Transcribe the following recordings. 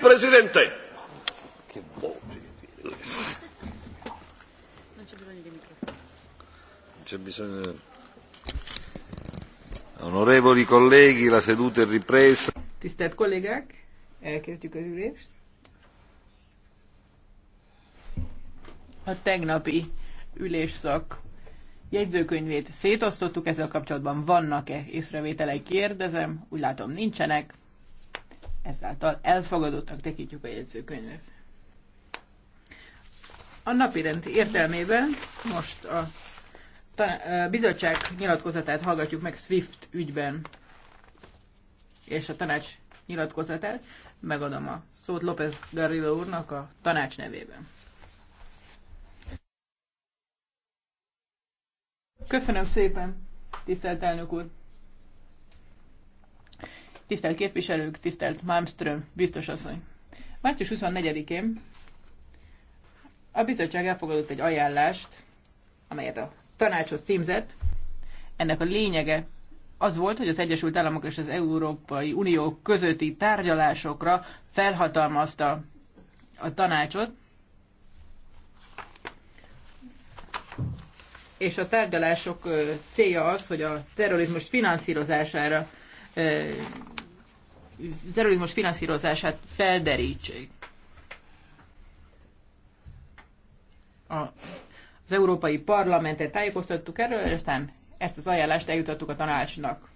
presidente. Che Non c'è bisogno di microfono. Non c'è bisogno. Onorevoli colleghi, la seduta è ripresa. Tisztelt kollégák, elkezdjük az ülést. A tegnapi ülésszak jegyzőkönyvét szétosztottuk, ezzel kapcsolatban vannak-e észrevételek, kérdezem, úgy látom nincsenek ezáltal elfogadottak tekintjük a jegyzőkönyvet. A napirend értelmében most a, a bizottság nyilatkozatát hallgatjuk meg SWIFT ügyben, és a tanács nyilatkozatát. Megadom a szót López Garrido úrnak a tanács nevében. Köszönöm szépen, tisztelt elnök úr! Tisztelt képviselők, tisztelt Malmström, biztos asszony. Március 24-én a bizottság elfogadott egy ajánlást, amelyet a tanácshoz címzett. Ennek a lényege az volt, hogy az Egyesült Államok és az Európai Unió közötti tárgyalásokra felhatalmazta a tanácsot, és a tárgyalások célja az, hogy a terrorizmus finanszírozására terrorizmus finanszírozását felderítsék. A, az Európai Parlamentet tájékoztattuk erről, és aztán ezt az ajánlást eljutottuk a tanácsnak.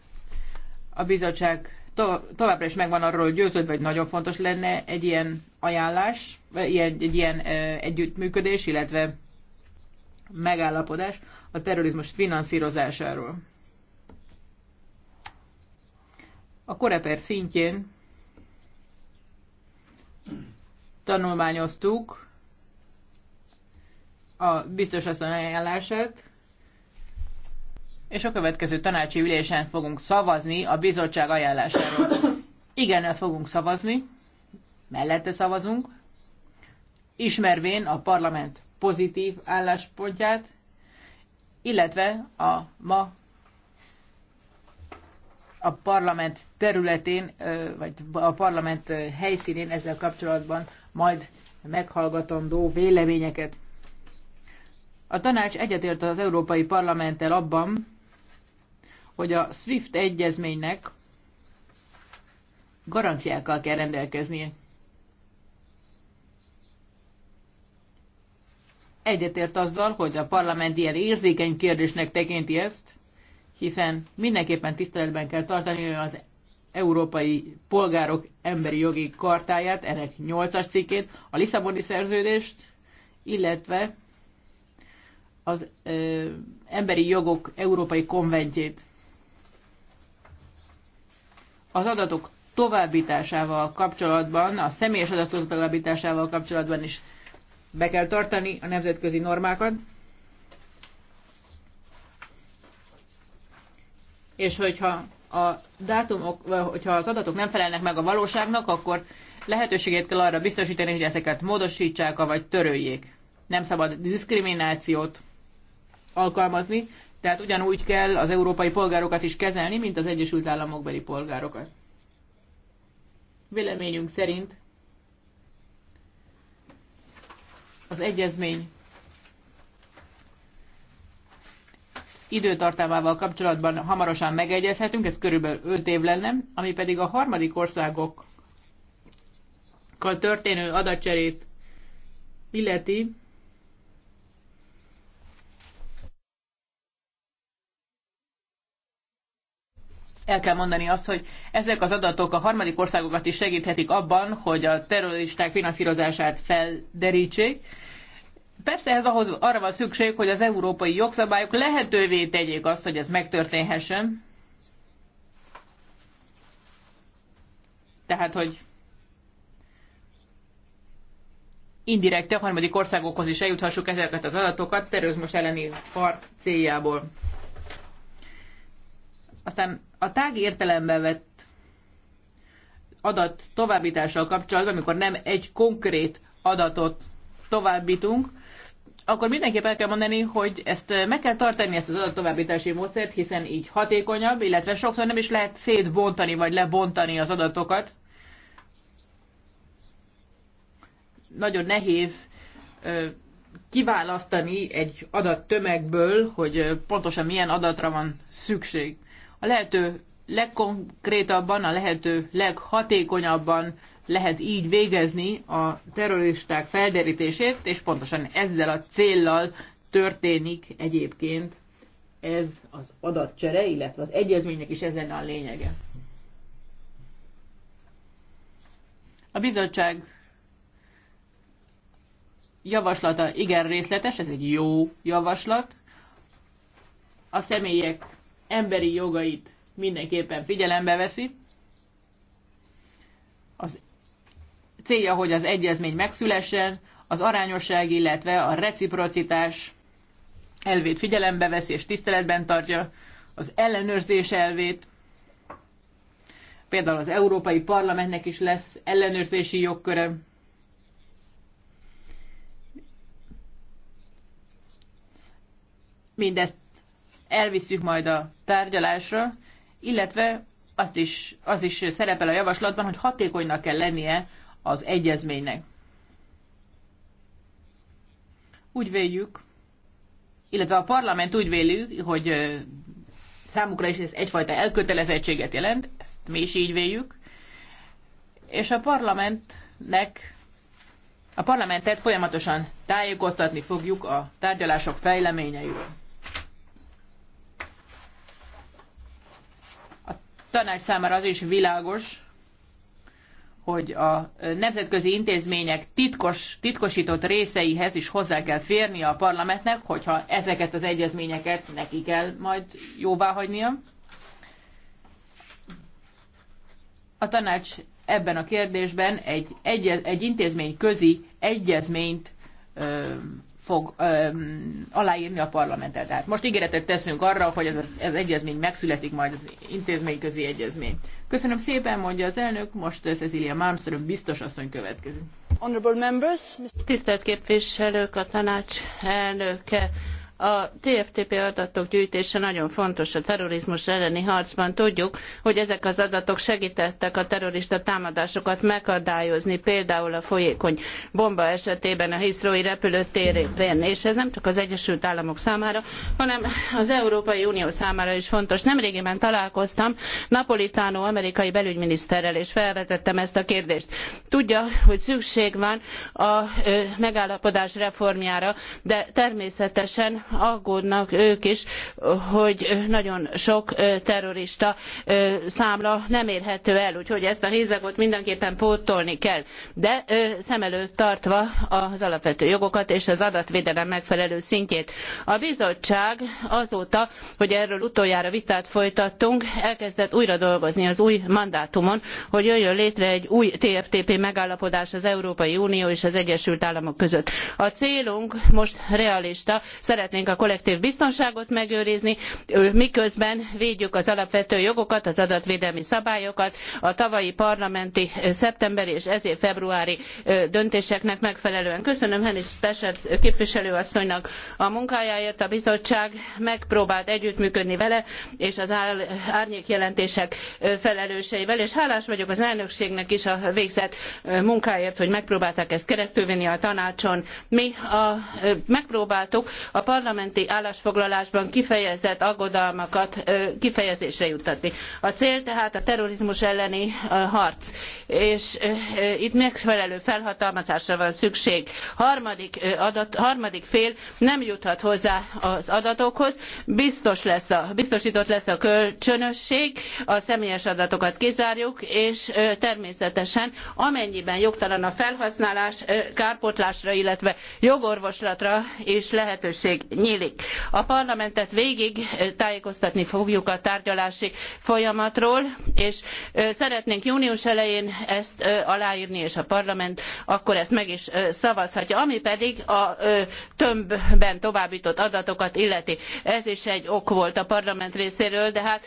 A bizottság to, továbbra is megvan arról győződve, hogy nagyon fontos lenne egy ilyen ajánlás, vagy ilyen, egy ilyen e, együttműködés, illetve megállapodás a terrorizmus finanszírozásáról. a koreper szintjén tanulmányoztuk a biztos asszony ajánlását, és a következő tanácsi ülésen fogunk szavazni a bizottság ajánlásáról. Igen, fogunk szavazni, mellette szavazunk, ismervén a parlament pozitív álláspontját, illetve a ma a parlament területén, vagy a parlament helyszínén ezzel kapcsolatban majd meghallgatandó véleményeket. A tanács egyetért az Európai Parlamenttel abban, hogy a SWIFT egyezménynek garanciákkal kell rendelkeznie. Egyetért azzal, hogy a parlament ilyen érzékeny kérdésnek tekinti ezt, hiszen mindenképpen tiszteletben kell tartani az európai polgárok emberi jogi kartáját, ennek 8-as cikkét, a Lisszaboni szerződést, illetve az ö, emberi jogok európai konventjét. Az adatok továbbításával kapcsolatban, a személyes adatok továbbításával kapcsolatban is be kell tartani a nemzetközi normákat, és hogyha a dátumok, hogyha az adatok nem felelnek meg a valóságnak, akkor lehetőséget kell arra biztosítani, hogy ezeket módosítsák, vagy töröljék. Nem szabad diszkriminációt alkalmazni, tehát ugyanúgy kell az európai polgárokat is kezelni, mint az Egyesült Államokbeli polgárokat. Véleményünk szerint az egyezmény időtartamával kapcsolatban hamarosan megegyezhetünk, ez körülbelül 5 év lenne, ami pedig a harmadik országokkal történő adatcserét illeti, el kell mondani azt, hogy ezek az adatok a harmadik országokat is segíthetik abban, hogy a terroristák finanszírozását felderítsék, Persze ez ahhoz, arra van szükség, hogy az európai jogszabályok lehetővé tegyék azt, hogy ez megtörténhessen. Tehát, hogy indirekte a harmadik országokhoz is eljuthassuk ezeket az adatokat terrorizmus elleni harc céljából. Aztán a tág értelembe vett adat továbbítással kapcsolatban, amikor nem egy konkrét adatot továbbítunk, akkor mindenképp el kell mondani, hogy ezt eh, meg kell tartani, ezt az adattovábbítási módszert, hiszen így hatékonyabb, illetve sokszor nem is lehet szétbontani vagy lebontani az adatokat. Nagyon nehéz kiválasztani egy adattömegből, hogy pontosan milyen adatra van szükség. A lehető legkonkrétabban, a lehető leghatékonyabban lehet így végezni a terroristák felderítését, és pontosan ezzel a céllal történik egyébként ez az adatcsere, illetve az egyezménynek is ez lenne a lényege. A bizottság javaslata igen részletes, ez egy jó javaslat. A személyek emberi jogait mindenképpen figyelembe veszi, célja, hogy az egyezmény megszülessen, az arányosság, illetve a reciprocitás elvét figyelembe veszi és tiszteletben tartja, az ellenőrzés elvét, például az Európai Parlamentnek is lesz ellenőrzési jogköre, mindezt elviszük majd a tárgyalásra, illetve azt is, az is szerepel a javaslatban, hogy hatékonynak kell lennie az egyezménynek. Úgy véljük, illetve a parlament úgy véljük, hogy számukra is ez egyfajta elkötelezettséget jelent, ezt mi is így véljük, és a parlamentnek a parlamentet folyamatosan tájékoztatni fogjuk a tárgyalások fejleményeiről. A tanács számára az is világos, hogy a nemzetközi intézmények titkos, titkosított részeihez is hozzá kell férni a parlamentnek, hogyha ezeket az egyezményeket neki kell majd jóvá hagynia. A tanács ebben a kérdésben egy, egy, egy intézmény közi egyezményt ö, fog öm, aláírni a parlamenttel. Tehát most ígéretet teszünk arra, hogy ez az ez egyezmény megszületik majd az intézmény közé egyezmény. Köszönöm szépen, mondja az elnök, most Cecilia Malmström biztos asszony következik. Members, Tisztelt képviselők, a tanács elnöke a TFTP adatok gyűjtése nagyon fontos a terrorizmus elleni harcban. Tudjuk, hogy ezek az adatok segítettek a terrorista támadásokat megakadályozni, például a folyékony bomba esetében a Hiszrói repülőtérén. És ez nem csak az Egyesült Államok számára, hanem az Európai Unió számára is fontos. Nemrégiben találkoztam Napolitánó amerikai belügyminiszterrel, és felvetettem ezt a kérdést. Tudja, hogy szükség van a megállapodás reformjára, de természetesen aggódnak ők is, hogy nagyon sok terrorista számla nem érhető el, úgyhogy ezt a hézagot mindenképpen pótolni kell. De szem előtt tartva az alapvető jogokat és az adatvédelem megfelelő szintjét. A bizottság azóta, hogy erről utoljára vitát folytattunk, elkezdett újra dolgozni az új mandátumon, hogy jöjjön létre egy új TFTP megállapodás az Európai Unió és az Egyesült Államok között. A célunk most realista, szeretnénk szeretnénk a kollektív biztonságot megőrizni, miközben védjük az alapvető jogokat, az adatvédelmi szabályokat, a tavalyi parlamenti szeptemberi és ezért februári döntéseknek megfelelően. Köszönöm Henis Peset képviselőasszonynak a munkájáért, a bizottság megpróbált együttműködni vele és az árnyék jelentések felelőseivel, és hálás vagyok az elnökségnek is a végzett munkáért, hogy megpróbálták ezt keresztülvinni a tanácson. Mi a, megpróbáltuk a parlament parlamenti állásfoglalásban kifejezett aggodalmakat kifejezésre juttatni. A cél tehát a terrorizmus elleni harc, és itt megfelelő felhatalmazásra van szükség. Harmadik, adat, harmadik fél nem juthat hozzá az adatokhoz, biztos lesz a, biztosított lesz a kölcsönösség, a személyes adatokat kizárjuk, és természetesen amennyiben jogtalan a felhasználás, kárpotlásra, illetve jogorvoslatra is lehetőség nyílik. A parlamentet végig tájékoztatni fogjuk a tárgyalási folyamatról, és szeretnénk június elején ezt aláírni, és a parlament akkor ezt meg is szavazhatja. Ami pedig a tömbben továbbított adatokat illeti. Ez is egy ok volt a parlament részéről, de hát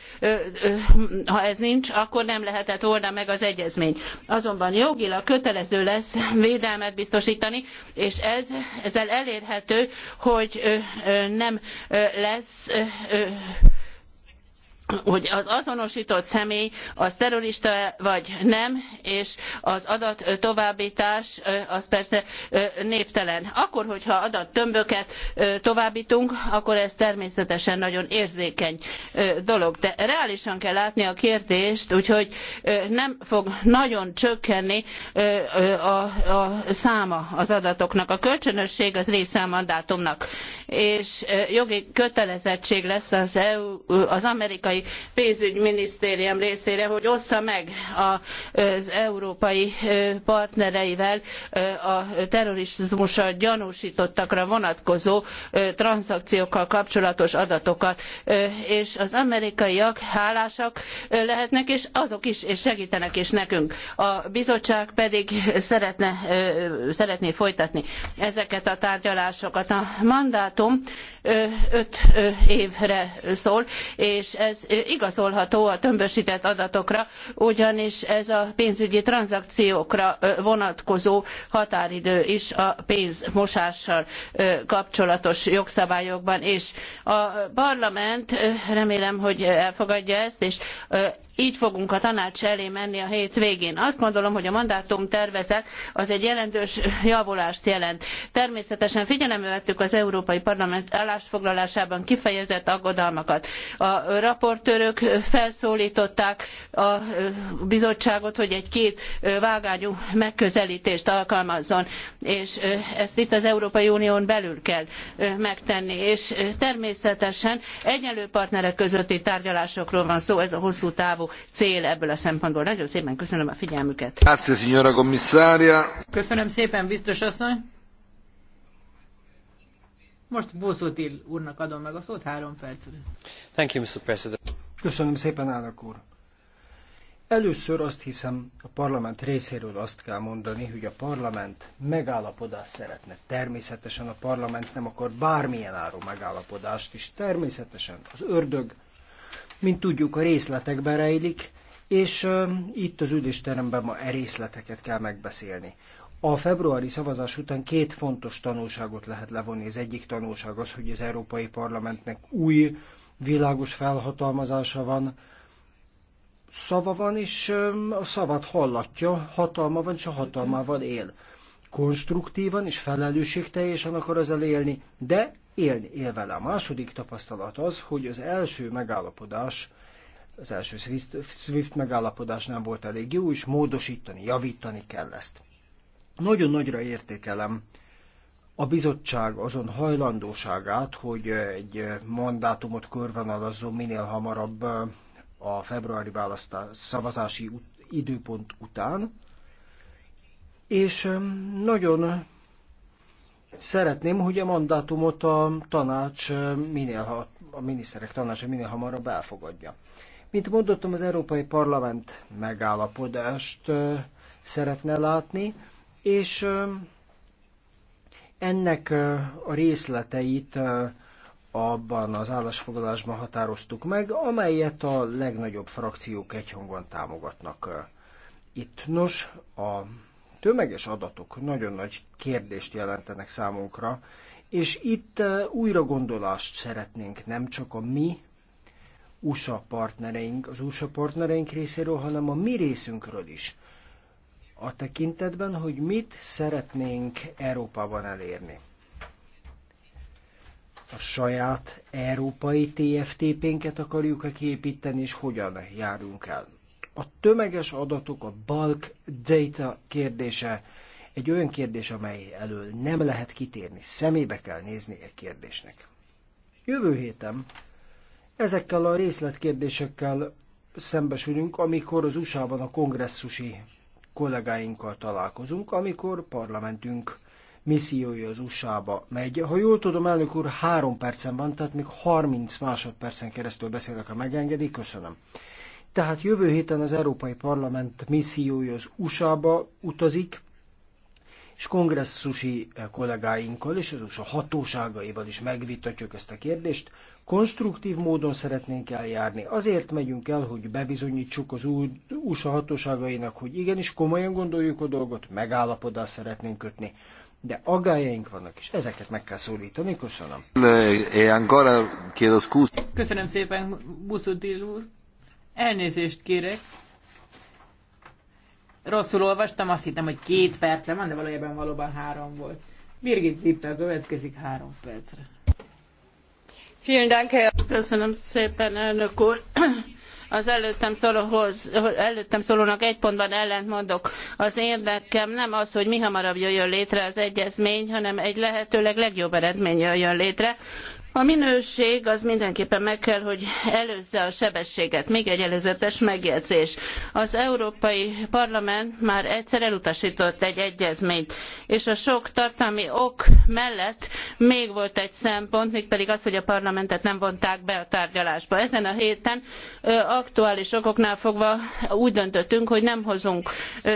ha ez nincs, akkor nem lehetett volna meg az egyezmény. Azonban jogilag kötelező lesz védelmet biztosítani, és ez, ezzel elérhető, hogy nem lesz hogy az azonosított személy az terrorista vagy nem, és az adat továbbítás az persze névtelen. Akkor, hogyha adattömböket továbbítunk, akkor ez természetesen nagyon érzékeny dolog. De reálisan kell látni a kérdést, úgyhogy nem fog nagyon csökkenni a, a száma az adatoknak. A kölcsönösség az része a mandátumnak, és jogi kötelezettség lesz az, EU, az amerikai Pénzügyminisztérium részére, hogy ossza meg az európai partnereivel a terrorizmusra gyanúsítottakra vonatkozó tranzakciókkal kapcsolatos adatokat. És az amerikaiak hálásak lehetnek, és azok is, és segítenek is nekünk. A bizottság pedig szeretne, szeretné folytatni ezeket a tárgyalásokat. A mandátum öt évre szól, és ez igazolható a tömböstett adatokra, ugyanis ez a pénzügyi tranzakciókra vonatkozó határidő is a pénzmosással kapcsolatos jogszabályokban, és a parlament remélem, hogy elfogadja ezt, és így fogunk a tanács elé menni a hét végén. Azt gondolom, hogy a mandátum tervezet az egy jelentős javulást jelent. Természetesen figyelembe vettük az Európai Parlament állásfoglalásában kifejezett aggodalmakat. A raportőrök felszólították a bizottságot, hogy egy két vágányú megközelítést alkalmazzon, és ezt itt az Európai Unión belül kell megtenni, és természetesen egyenlő partnerek közötti tárgyalásokról van szó, ez a hosszú távú cél ebből a szempontból. Nagyon szépen köszönöm a figyelmüket. Grazie, signora commissaria. Köszönöm szépen, biztos asszony. Most Bozotil úrnak adom meg a szót három percre. Thank you, Mr. President. Köszönöm szépen, elnök úr. Először azt hiszem, a parlament részéről azt kell mondani, hogy a parlament megállapodást szeretne. Természetesen a parlament nem akar bármilyen áru megállapodást is. Természetesen az ördög mint tudjuk, a részletekben rejlik, és itt az ülésteremben ma e részleteket kell megbeszélni. A februári szavazás után két fontos tanulságot lehet levonni. Az egyik tanulság az, hogy az Európai Parlamentnek új, világos felhatalmazása van, szava van, és a szavat hallatja, hatalma van, és a hatalmával él. Konstruktívan és felelősségteljesen akar ezzel élni, de élni él vele. A második tapasztalat az, hogy az első megállapodás, az első SWIFT megállapodás nem volt elég jó, és módosítani, javítani kell ezt. Nagyon nagyra értékelem a bizottság azon hajlandóságát, hogy egy mandátumot körvonalazzon minél hamarabb a februári választás szavazási időpont után, és nagyon Szeretném, hogy a mandátumot a tanács minél, a miniszterek tanácsa minél hamarabb elfogadja. Mint mondottam, az Európai Parlament megállapodást szeretne látni, és ennek a részleteit abban az állásfoglalásban határoztuk meg, amelyet a legnagyobb frakciók egyhangon támogatnak. Itt nos, a tömeges adatok nagyon nagy kérdést jelentenek számunkra, és itt eh, újra gondolást szeretnénk nem csak a mi USA partnereink, az USA partnereink részéről, hanem a mi részünkről is. A tekintetben, hogy mit szeretnénk Európában elérni. A saját európai TFTP-nket akarjuk-e kiépíteni, és hogyan járunk el. A tömeges adatok, a bulk data kérdése egy olyan kérdés, amely elől nem lehet kitérni. Szemébe kell nézni egy kérdésnek. Jövő héten ezekkel a részletkérdésekkel szembesülünk, amikor az USA-ban a kongresszusi kollégáinkkal találkozunk, amikor parlamentünk missziója az USA-ba megy. Ha jól tudom, elnök úr, három percen van, tehát még 30 másodpercen keresztül beszélek, ha megengedi. Köszönöm. Tehát jövő héten az Európai Parlament missziója az USA-ba utazik, és kongresszusi eh, kollégáinkkal és az USA hatóságaival is megvitatjuk ezt a kérdést. Konstruktív módon szeretnénk eljárni. Azért megyünk el, hogy bebizonyítsuk az USA hatóságainak, hogy igenis komolyan gondoljuk a dolgot, megállapodást szeretnénk kötni. De agályaink vannak, és ezeket meg kell szólítani. Köszönöm. Köszönöm szépen, Buszutil úr. Elnézést kérek. Rosszul olvastam, azt hittem, hogy két percem van, de valójában valóban három volt. Birgit Zippel következik három percre. Köszönöm szépen, elnök úr az előttem, szólóhoz, előttem szólónak egy pontban ellentmondok. Az érdekem nem az, hogy mi hamarabb jöjjön létre az egyezmény, hanem egy lehetőleg legjobb eredmény jöjjön létre, a minőség az mindenképpen meg kell, hogy előzze a sebességet. Még egy előzetes megjegyzés. Az Európai Parlament már egyszer elutasított egy egyezményt, és a sok tartalmi ok mellett még volt egy szempont, mégpedig az, hogy a parlamentet nem vonták be a tárgyalásba. Ezen a héten aktuális okoknál fogva úgy döntöttünk, hogy nem hozunk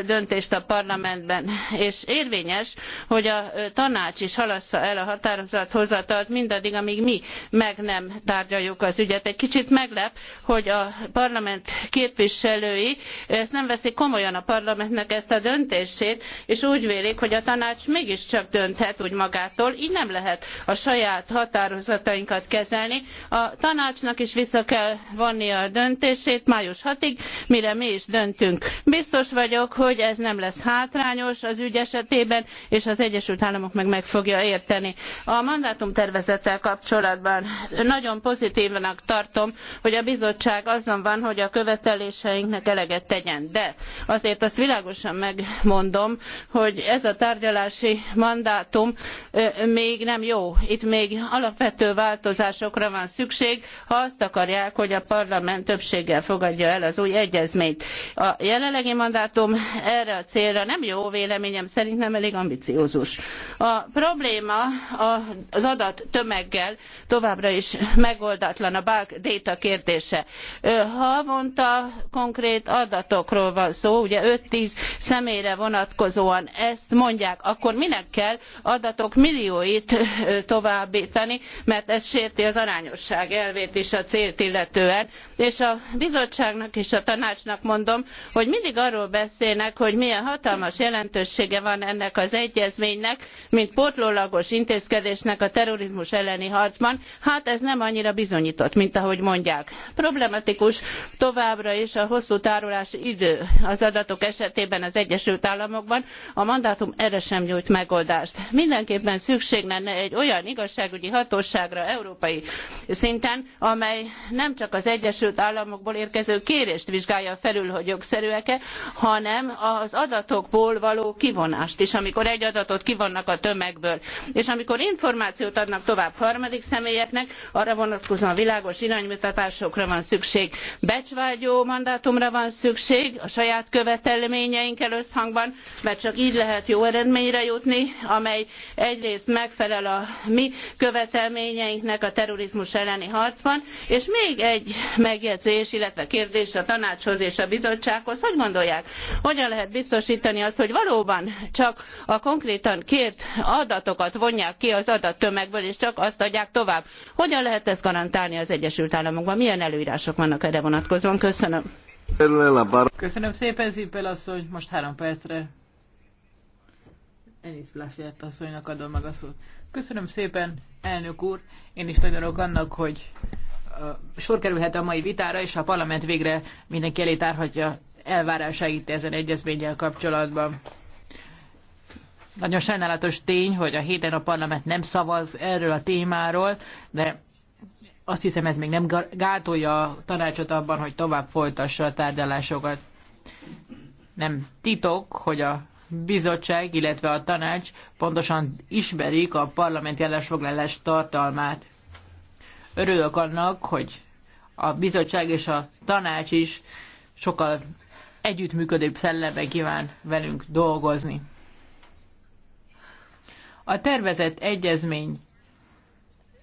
döntést a parlamentben. És érvényes, hogy a tanács is halassza el a határozathozatalt mindaddig, amíg mi meg nem tárgyaljuk az ügyet. Egy kicsit meglep, hogy a parlament képviselői ezt nem veszik komolyan a parlamentnek ezt a döntését, és úgy vélik, hogy a tanács mégiscsak dönthet úgy magától, így nem lehet a saját határozatainkat kezelni. A tanácsnak is vissza kell vonnia a döntését május 6-ig, mire mi is döntünk. Biztos vagyok, hogy ez nem lesz hátrányos az ügy esetében, és az Egyesült Államok meg meg fogja érteni. A mandátumtervezettel kapcsolatban kapcsolatban. Nagyon pozitívnak tartom, hogy a bizottság azon van, hogy a követeléseinknek eleget tegyen. De azért azt világosan megmondom, hogy ez a tárgyalási mandátum még nem jó. Itt még alapvető változásokra van szükség, ha azt akarják, hogy a parlament többséggel fogadja el az új egyezményt. A jelenlegi mandátum erre a célra nem jó véleményem szerint, nem elég ambiciózus. A probléma az adat tömeggel továbbra is megoldatlan a bulk data kérdése. Havonta konkrét adatokról van szó, ugye 5-10 személyre vonatkozóan ezt mondják, akkor minek kell adatok millióit továbbítani, mert ez sérti az arányosság elvét is a célt illetően. És a bizottságnak és a tanácsnak mondom, hogy mindig arról beszélnek, hogy milyen hatalmas jelentősége van ennek az egyezménynek, mint pótlólagos intézkedésnek a terrorizmus elleni harc piacban. Hát ez nem annyira bizonyított, mint ahogy mondják. Problematikus továbbra is a hosszú tárolási idő az adatok esetében az Egyesült Államokban. A mandátum erre sem nyújt megoldást. Mindenképpen szükség lenne egy olyan igazságügyi hatóságra európai szinten, amely nem csak az Egyesült Államokból érkező kérést vizsgálja felül, hogy jogszerűek-e, hanem az adatokból való kivonást is, amikor egy adatot kivonnak a tömegből. És amikor információt adnak tovább harmadik személyeknek, arra vonatkozóan világos iránymutatásokra van szükség. Becsvágyó mandátumra van szükség a saját követelményeinkkel összhangban, mert csak így lehet jó eredményre jutni, amely egyrészt megfelel a mi követelményeinknek a terrorizmus elleni harcban, és még egy megjegyzés, illetve kérdés a tanácshoz és a bizottsághoz, hogy gondolják, hogyan lehet biztosítani azt, hogy valóban csak a konkrétan kért adatokat vonják ki az adattömegből, és csak azt adják tovább. Hogyan lehet ezt garantálni az Egyesült Államokban? Milyen előírások vannak erre vonatkozóan? Köszönöm. Köszönöm szépen, Zippel asszony. Most három percre Enis Blasert asszonynak adom meg a szót. Köszönöm szépen, elnök úr. Én is nagyon örülök annak, hogy sor kerülhet a mai vitára, és a parlament végre mindenki elé tárhatja elvárásait ezen egyezménnyel kapcsolatban. Nagyon sajnálatos tény, hogy a héten a parlament nem szavaz erről a témáról, de azt hiszem ez még nem gátolja a tanácsot abban, hogy tovább folytassa a tárgyalásokat. Nem titok, hogy a bizottság, illetve a tanács pontosan ismerik a parlament jelesfoglalás tartalmát. Örülök annak, hogy a bizottság és a tanács is sokkal együttműködőbb szellemben kíván velünk dolgozni. A tervezett egyezmény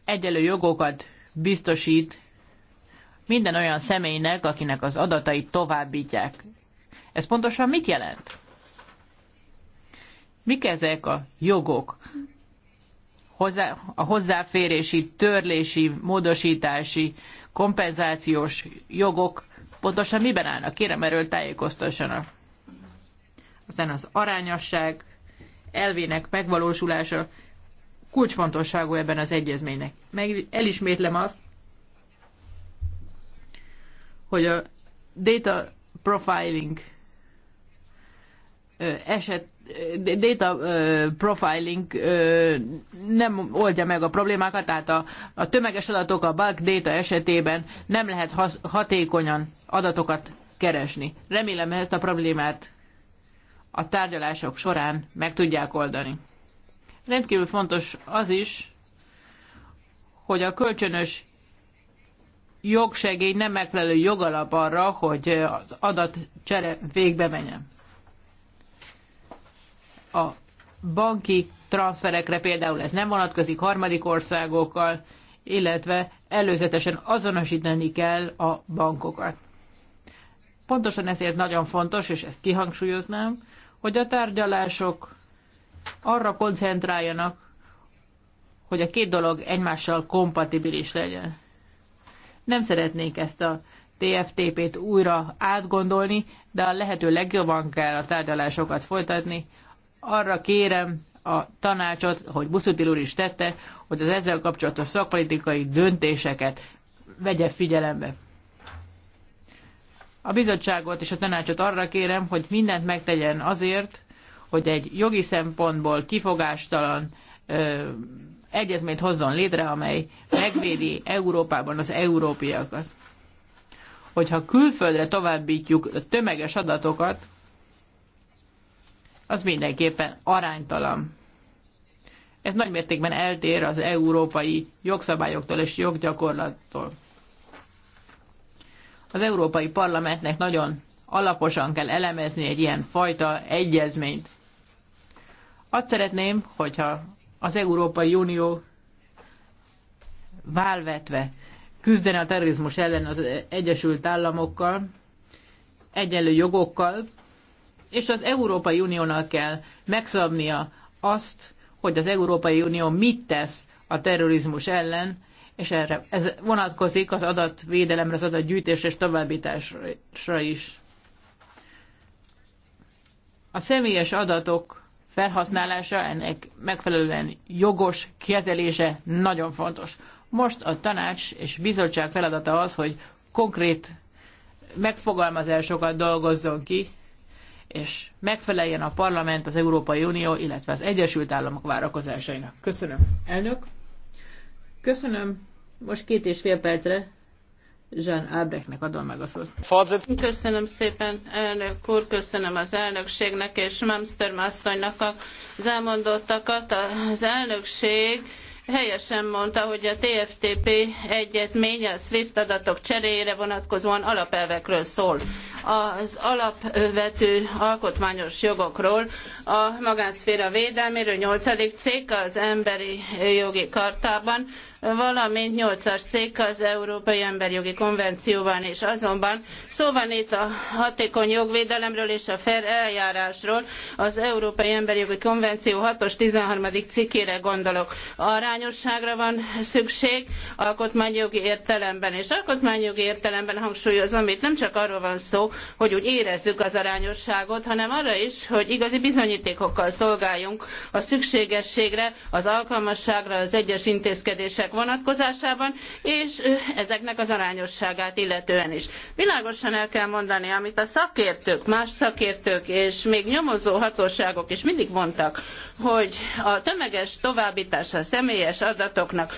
egyelő jogokat biztosít minden olyan személynek, akinek az adatait továbbítják. Ez pontosan mit jelent? Mik ezek a jogok? Hozzá, a hozzáférési, törlési, módosítási, kompenzációs jogok pontosan miben állnak? Kérem, erről tájékoztassanak. Aztán az arányosság, elvének megvalósulása kulcsfontosságú ebben az egyezménynek. Meg elismétlem azt, hogy a data profiling eset data profiling nem oldja meg a problémákat, tehát a, a tömeges adatok a bulk data esetében nem lehet hatékonyan adatokat keresni. Remélem ezt a problémát a tárgyalások során meg tudják oldani. Rendkívül fontos az is, hogy a kölcsönös jogsegély nem megfelelő jogalap arra, hogy az adatcsere végbe menjen. A banki transferekre például ez nem vonatkozik harmadik országokkal, illetve előzetesen azonosítani kell a bankokat. Pontosan ezért nagyon fontos, és ezt kihangsúlyoznám, hogy a tárgyalások arra koncentráljanak, hogy a két dolog egymással kompatibilis legyen. Nem szeretnék ezt a TFTP-t újra átgondolni, de a lehető legjobban kell a tárgyalásokat folytatni. Arra kérem a tanácsot, hogy Buszutil úr is tette, hogy az ezzel kapcsolatos szakpolitikai döntéseket vegye figyelembe. A bizottságot és a tanácsot arra kérem, hogy mindent megtegyen azért, hogy egy jogi szempontból kifogástalan ö, egyezményt hozzon létre, amely megvédi Európában az európiakat. Hogyha külföldre továbbítjuk a tömeges adatokat, az mindenképpen aránytalan. Ez nagy mértékben eltér az európai jogszabályoktól és joggyakorlattól. Az Európai Parlamentnek nagyon alaposan kell elemezni egy ilyen fajta egyezményt. Azt szeretném, hogyha az Európai Unió válvetve küzdene a terrorizmus ellen az Egyesült Államokkal, egyenlő jogokkal, és az Európai Uniónak kell megszabnia azt, hogy az Európai Unió mit tesz a terrorizmus ellen, és erre ez vonatkozik az adatvédelemre, az adatgyűjtésre és továbbításra is. A személyes adatok felhasználása, ennek megfelelően jogos kezelése nagyon fontos. Most a tanács és bizottság feladata az, hogy konkrét megfogalmazásokat dolgozzon ki, és megfeleljen a parlament, az Európai Unió, illetve az Egyesült Államok várakozásainak. Köszönöm, elnök! Köszönöm. Most két és fél percre Jean Albrechtnek adom meg a szót. Köszönöm szépen, elnök úr, köszönöm az elnökségnek és Mamsterm asszonynak az elmondottakat. Az elnökség helyesen mondta, hogy a TFTP egyezmény a SWIFT adatok cseréjére vonatkozóan alapelvekről szól. Az alapvető alkotmányos jogokról, a magánszféra védelméről 8. cikk az emberi jogi kartában, valamint 8-as cikk az Európai emberi jogi Konvencióban is. Azonban szó van itt a hatékony jogvédelemről és a fair eljárásról, az Európai emberi jogi Konvenció 6-os 13. cikkére gondolok. A arányosságra van szükség alkotmányjogi értelemben, és alkotmányjogi értelemben hangsúlyozom, itt nem csak arról van szó, hogy úgy érezzük az arányosságot, hanem arra is, hogy igazi bizonyítékokkal szolgáljunk a szükségességre, az alkalmasságra az egyes intézkedések vonatkozásában, és ezeknek az arányosságát illetően is. Világosan el kell mondani, amit a szakértők, más szakértők és még nyomozó hatóságok is mindig mondtak, hogy a tömeges továbbítása a személyes személyes adatoknak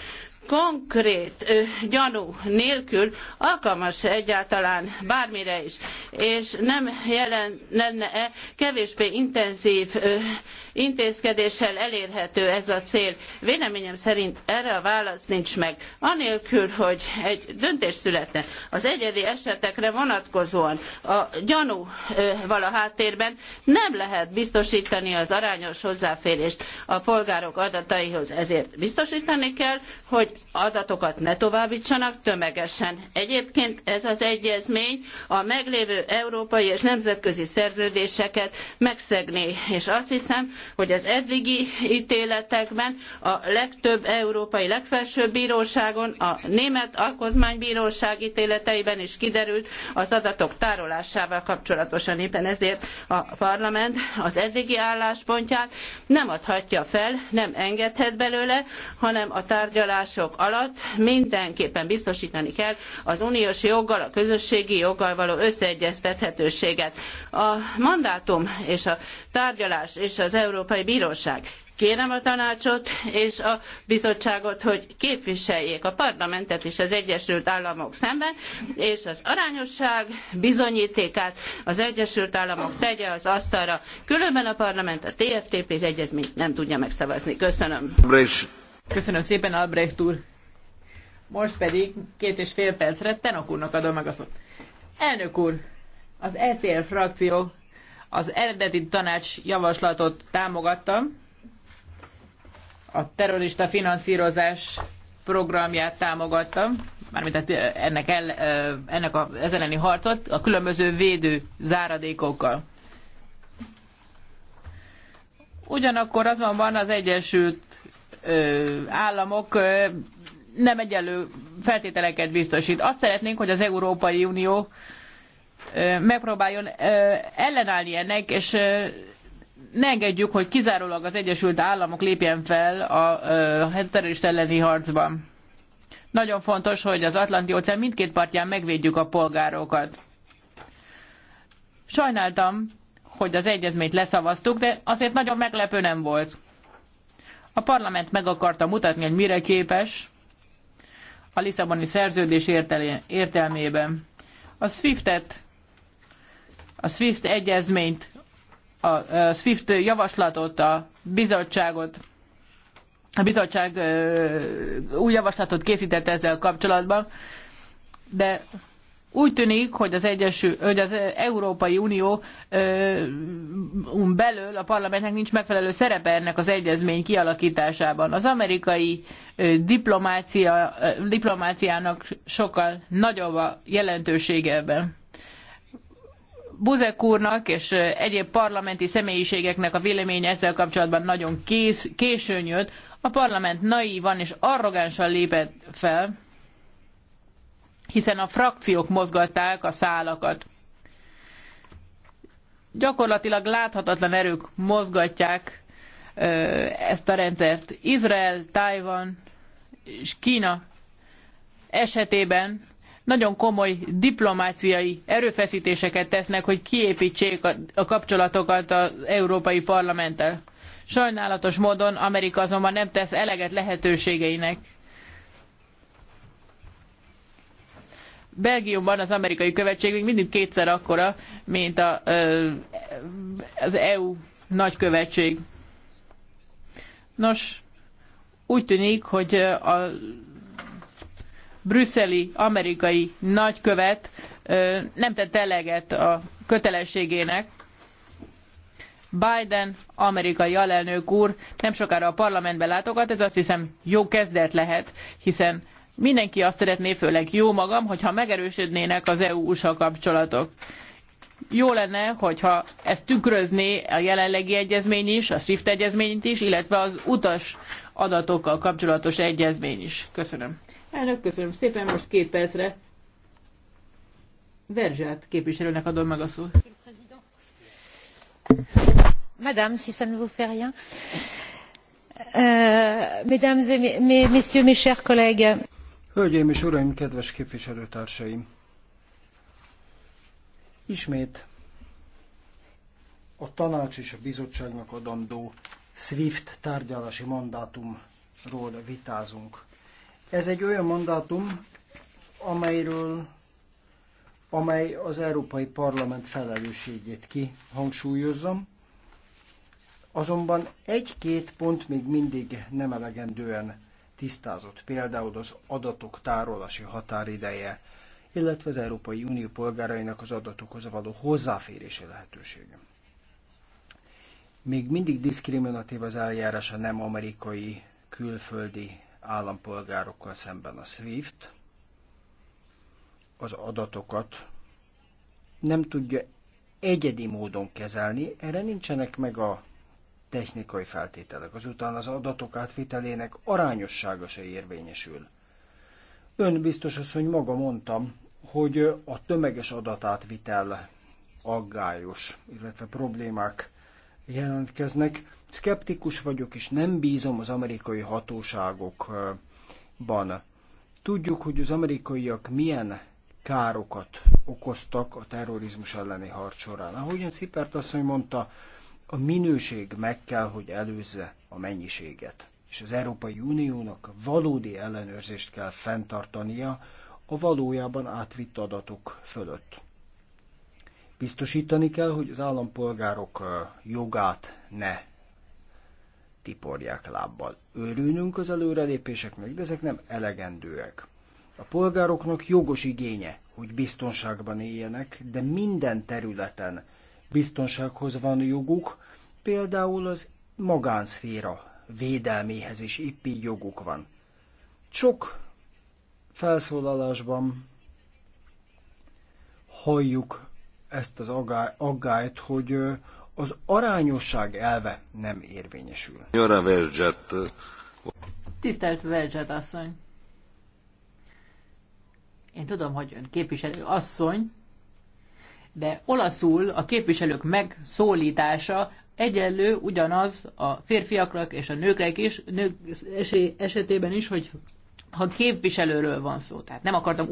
konkrét ö, gyanú nélkül alkalmas egyáltalán bármire is, és nem jelent, lenne-e kevésbé intenzív ö, intézkedéssel elérhető ez a cél. Véleményem szerint erre a válasz nincs meg. Anélkül, hogy egy döntés születne az egyedi esetekre vonatkozóan a gyanú vala háttérben nem lehet biztosítani az arányos hozzáférést a polgárok adataihoz. Ezért biztosítani kell, hogy adatokat ne továbbítsanak tömegesen. Egyébként ez az egyezmény a meglévő európai és nemzetközi szerződéseket megszegné, és azt hiszem, hogy az eddigi ítéletekben a legtöbb európai legfelsőbb bíróságon, a német alkotmánybíróság ítéleteiben is kiderült az adatok tárolásával kapcsolatosan. Éppen ezért a parlament az eddigi álláspontját nem adhatja fel, nem engedhet belőle, hanem a tárgyalások alatt mindenképpen biztosítani kell az uniós joggal, a közösségi joggal való összeegyeztethetőséget. A mandátum és a tárgyalás és az euró Európai Bíróság. Kérem a tanácsot és a bizottságot, hogy képviseljék a parlamentet és az Egyesült Államok szemben, és az arányosság bizonyítékát az Egyesült Államok tegye az asztalra, különben a parlament a TFTP és egyezményt nem tudja megszavazni. Köszönöm. Köszönöm szépen, Albrecht úr. Most pedig két és fél percre Tenok úrnak adom meg a szót. Elnök úr, az ECL frakció az eredeti tanács javaslatot támogattam, a terrorista finanszírozás programját támogattam, mármint hát, eh, ennek, el, eh, ennek a, ez elleni harcot, a különböző védő záradékokkal. Ugyanakkor azonban az Egyesült eh, Államok nem egyenlő feltételeket biztosít. Azt szeretnénk, hogy az Európai Unió megpróbáljon ellenállni ennek, és ne engedjük, hogy kizárólag az Egyesült Államok lépjen fel a hát terrorista elleni harcban. Nagyon fontos, hogy az Atlanti-óceán mindkét partján megvédjük a polgárokat. Sajnáltam, hogy az egyezményt leszavaztuk, de azért nagyon meglepő nem volt. A parlament meg akarta mutatni, hogy mire képes a Lisszaboni szerződés értelmében. A SWIFT-et a SWIFT egyezményt, a SWIFT javaslatot, a bizottságot, a bizottság új javaslatot készített ezzel kapcsolatban, de úgy tűnik, hogy az, Egyesül, hogy az Európai Unió um, belül a parlamentnek nincs megfelelő szerepe ennek az egyezmény kialakításában. Az amerikai diplomácia, diplomáciának sokkal nagyobb a jelentősége ebben. Buzek úrnak és egyéb parlamenti személyiségeknek a véleménye ezzel kapcsolatban nagyon kész, későn jött. A parlament naívan és arrogánsan lépett fel, hiszen a frakciók mozgatták a szálakat. Gyakorlatilag láthatatlan erők mozgatják ezt a rendszert. Izrael, Tajvan és Kína esetében nagyon komoly diplomáciai erőfeszítéseket tesznek, hogy kiépítsék a kapcsolatokat az Európai Parlamenttel. Sajnálatos módon Amerika azonban nem tesz eleget lehetőségeinek. Belgiumban az amerikai követség még mindig kétszer akkora, mint a, az EU nagykövetség. Nos, úgy tűnik, hogy a brüsszeli amerikai nagykövet nem tett eleget a kötelességének. Biden, amerikai alelnök úr nem sokára a parlamentbe látogat, ez azt hiszem jó kezdet lehet, hiszen mindenki azt szeretné, főleg jó magam, hogyha megerősödnének az EU-USA kapcsolatok. Jó lenne, hogyha ezt tükrözné a jelenlegi egyezmény is, a SWIFT egyezményt is, illetve az utas adatokkal kapcsolatos egyezmény is. Köszönöm. Elnök, köszönöm szépen, most két percre Verzsát képviselőnek adom meg a szót. Madame, si ça ne vous fait rien. Euh, mesdames et messieurs, mes chers collègues. Hölgyeim és uraim, kedves képviselőtársaim! Ismét a tanács és a bizottságnak adandó SWIFT tárgyalási mandátumról vitázunk. Ez egy olyan mandátum, amelyről amely az Európai Parlament felelősségét ki, hangsúlyozzam. Azonban egy-két pont még mindig nem elegendően tisztázott, például az adatok tárolási határideje, illetve az Európai Unió polgárainak az adatokhoz való hozzáférési lehetősége. Még mindig diszkriminatív az eljárás a nem amerikai külföldi állampolgárokkal szemben a SWIFT az adatokat nem tudja egyedi módon kezelni, erre nincsenek meg a technikai feltételek. Azután az adatok átvitelének arányossága se érvényesül. Ön biztos az, hogy maga mondtam, hogy a tömeges adatátvitel aggályos, illetve problémák jelentkeznek. Skeptikus vagyok, és nem bízom az amerikai hatóságokban. Tudjuk, hogy az amerikaiak milyen károkat okoztak a terrorizmus elleni harc során. Ahogyan Szipert asszony mondta, a minőség meg kell, hogy előzze a mennyiséget. És az Európai Uniónak valódi ellenőrzést kell fenntartania a valójában átvitt adatok fölött. Biztosítani kell, hogy az állampolgárok jogát ne tiporják lábbal. Örülünk az előrelépéseknek, de ezek nem elegendőek. A polgároknak jogos igénye, hogy biztonságban éljenek, de minden területen biztonsághoz van joguk, például az magánszféra védelméhez is épp így joguk van. Sok felszólalásban halljuk ezt az aggályt, hogy az arányosság elve nem érvényesül. Tisztelt Verzset asszony! Én tudom, hogy ön képviselő asszony, de olaszul a képviselők megszólítása egyenlő ugyanaz a férfiakra és a nőkre is, nők esetében is, hogy ha képviselőről van szó, tehát nem akartam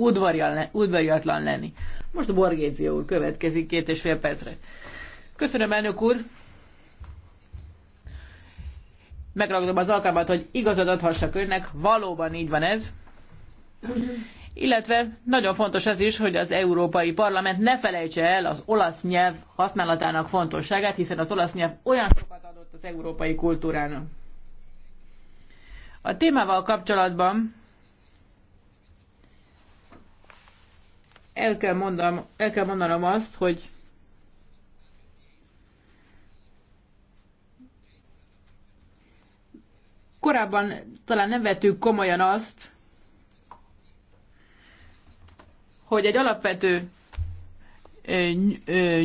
udvariatlan lenni. Most a Borgézió úr következik két és fél percre. Köszönöm, elnök úr! Megragadom az alkalmat, hogy igazad adhassak önnek, valóban így van ez. Illetve nagyon fontos ez is, hogy az Európai Parlament ne felejtse el az olasz nyelv használatának fontosságát, hiszen az olasz nyelv olyan sokat adott az európai kultúrának. A témával kapcsolatban el kell, mondanom, el kell mondanom azt, hogy Korábban talán nem vettük komolyan azt, hogy egy alapvető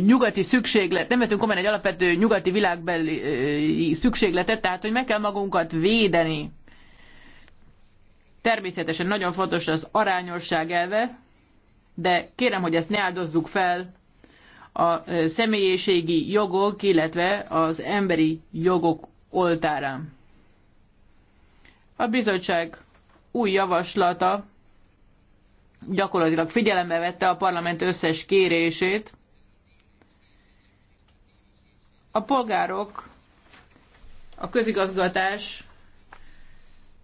nyugati szükséglet, nem vettünk komolyan egy alapvető nyugati világbeli szükségletet, tehát hogy meg kell magunkat védeni. Természetesen nagyon fontos az arányosság elve, de kérem, hogy ezt ne áldozzuk fel a személyiségi jogok, illetve az emberi jogok oltárán. A bizottság új javaslata gyakorlatilag figyelembe vette a parlament összes kérését. A polgárok, a közigazgatás,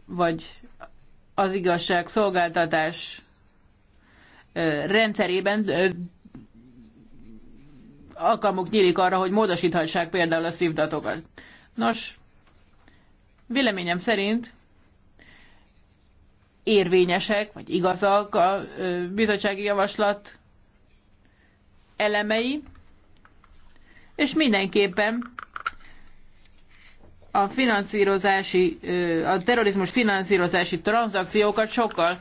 vagy az igazság szolgáltatás rendszerében alkalmuk nyílik arra, hogy módosíthassák például a szívdatokat. Nos, véleményem szerint érvényesek, vagy igazak a bizottsági javaslat elemei, és mindenképpen a finanszírozási, a terrorizmus finanszírozási tranzakciókat sokkal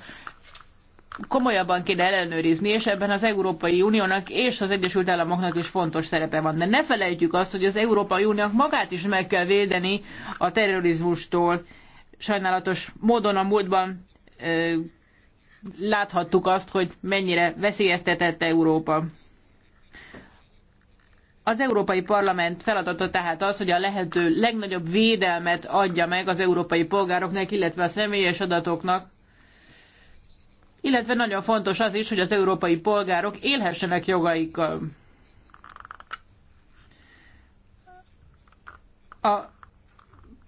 komolyabban kéne ellenőrizni, és ebben az Európai Uniónak és az Egyesült Államoknak is fontos szerepe van. De ne felejtjük azt, hogy az Európai Uniónak magát is meg kell védeni a terrorizmustól. Sajnálatos módon a múltban láthattuk azt, hogy mennyire veszélyeztetett Európa. Az Európai Parlament feladata tehát az, hogy a lehető legnagyobb védelmet adja meg az európai polgároknak, illetve a személyes adatoknak, illetve nagyon fontos az is, hogy az európai polgárok élhessenek jogaikkal. A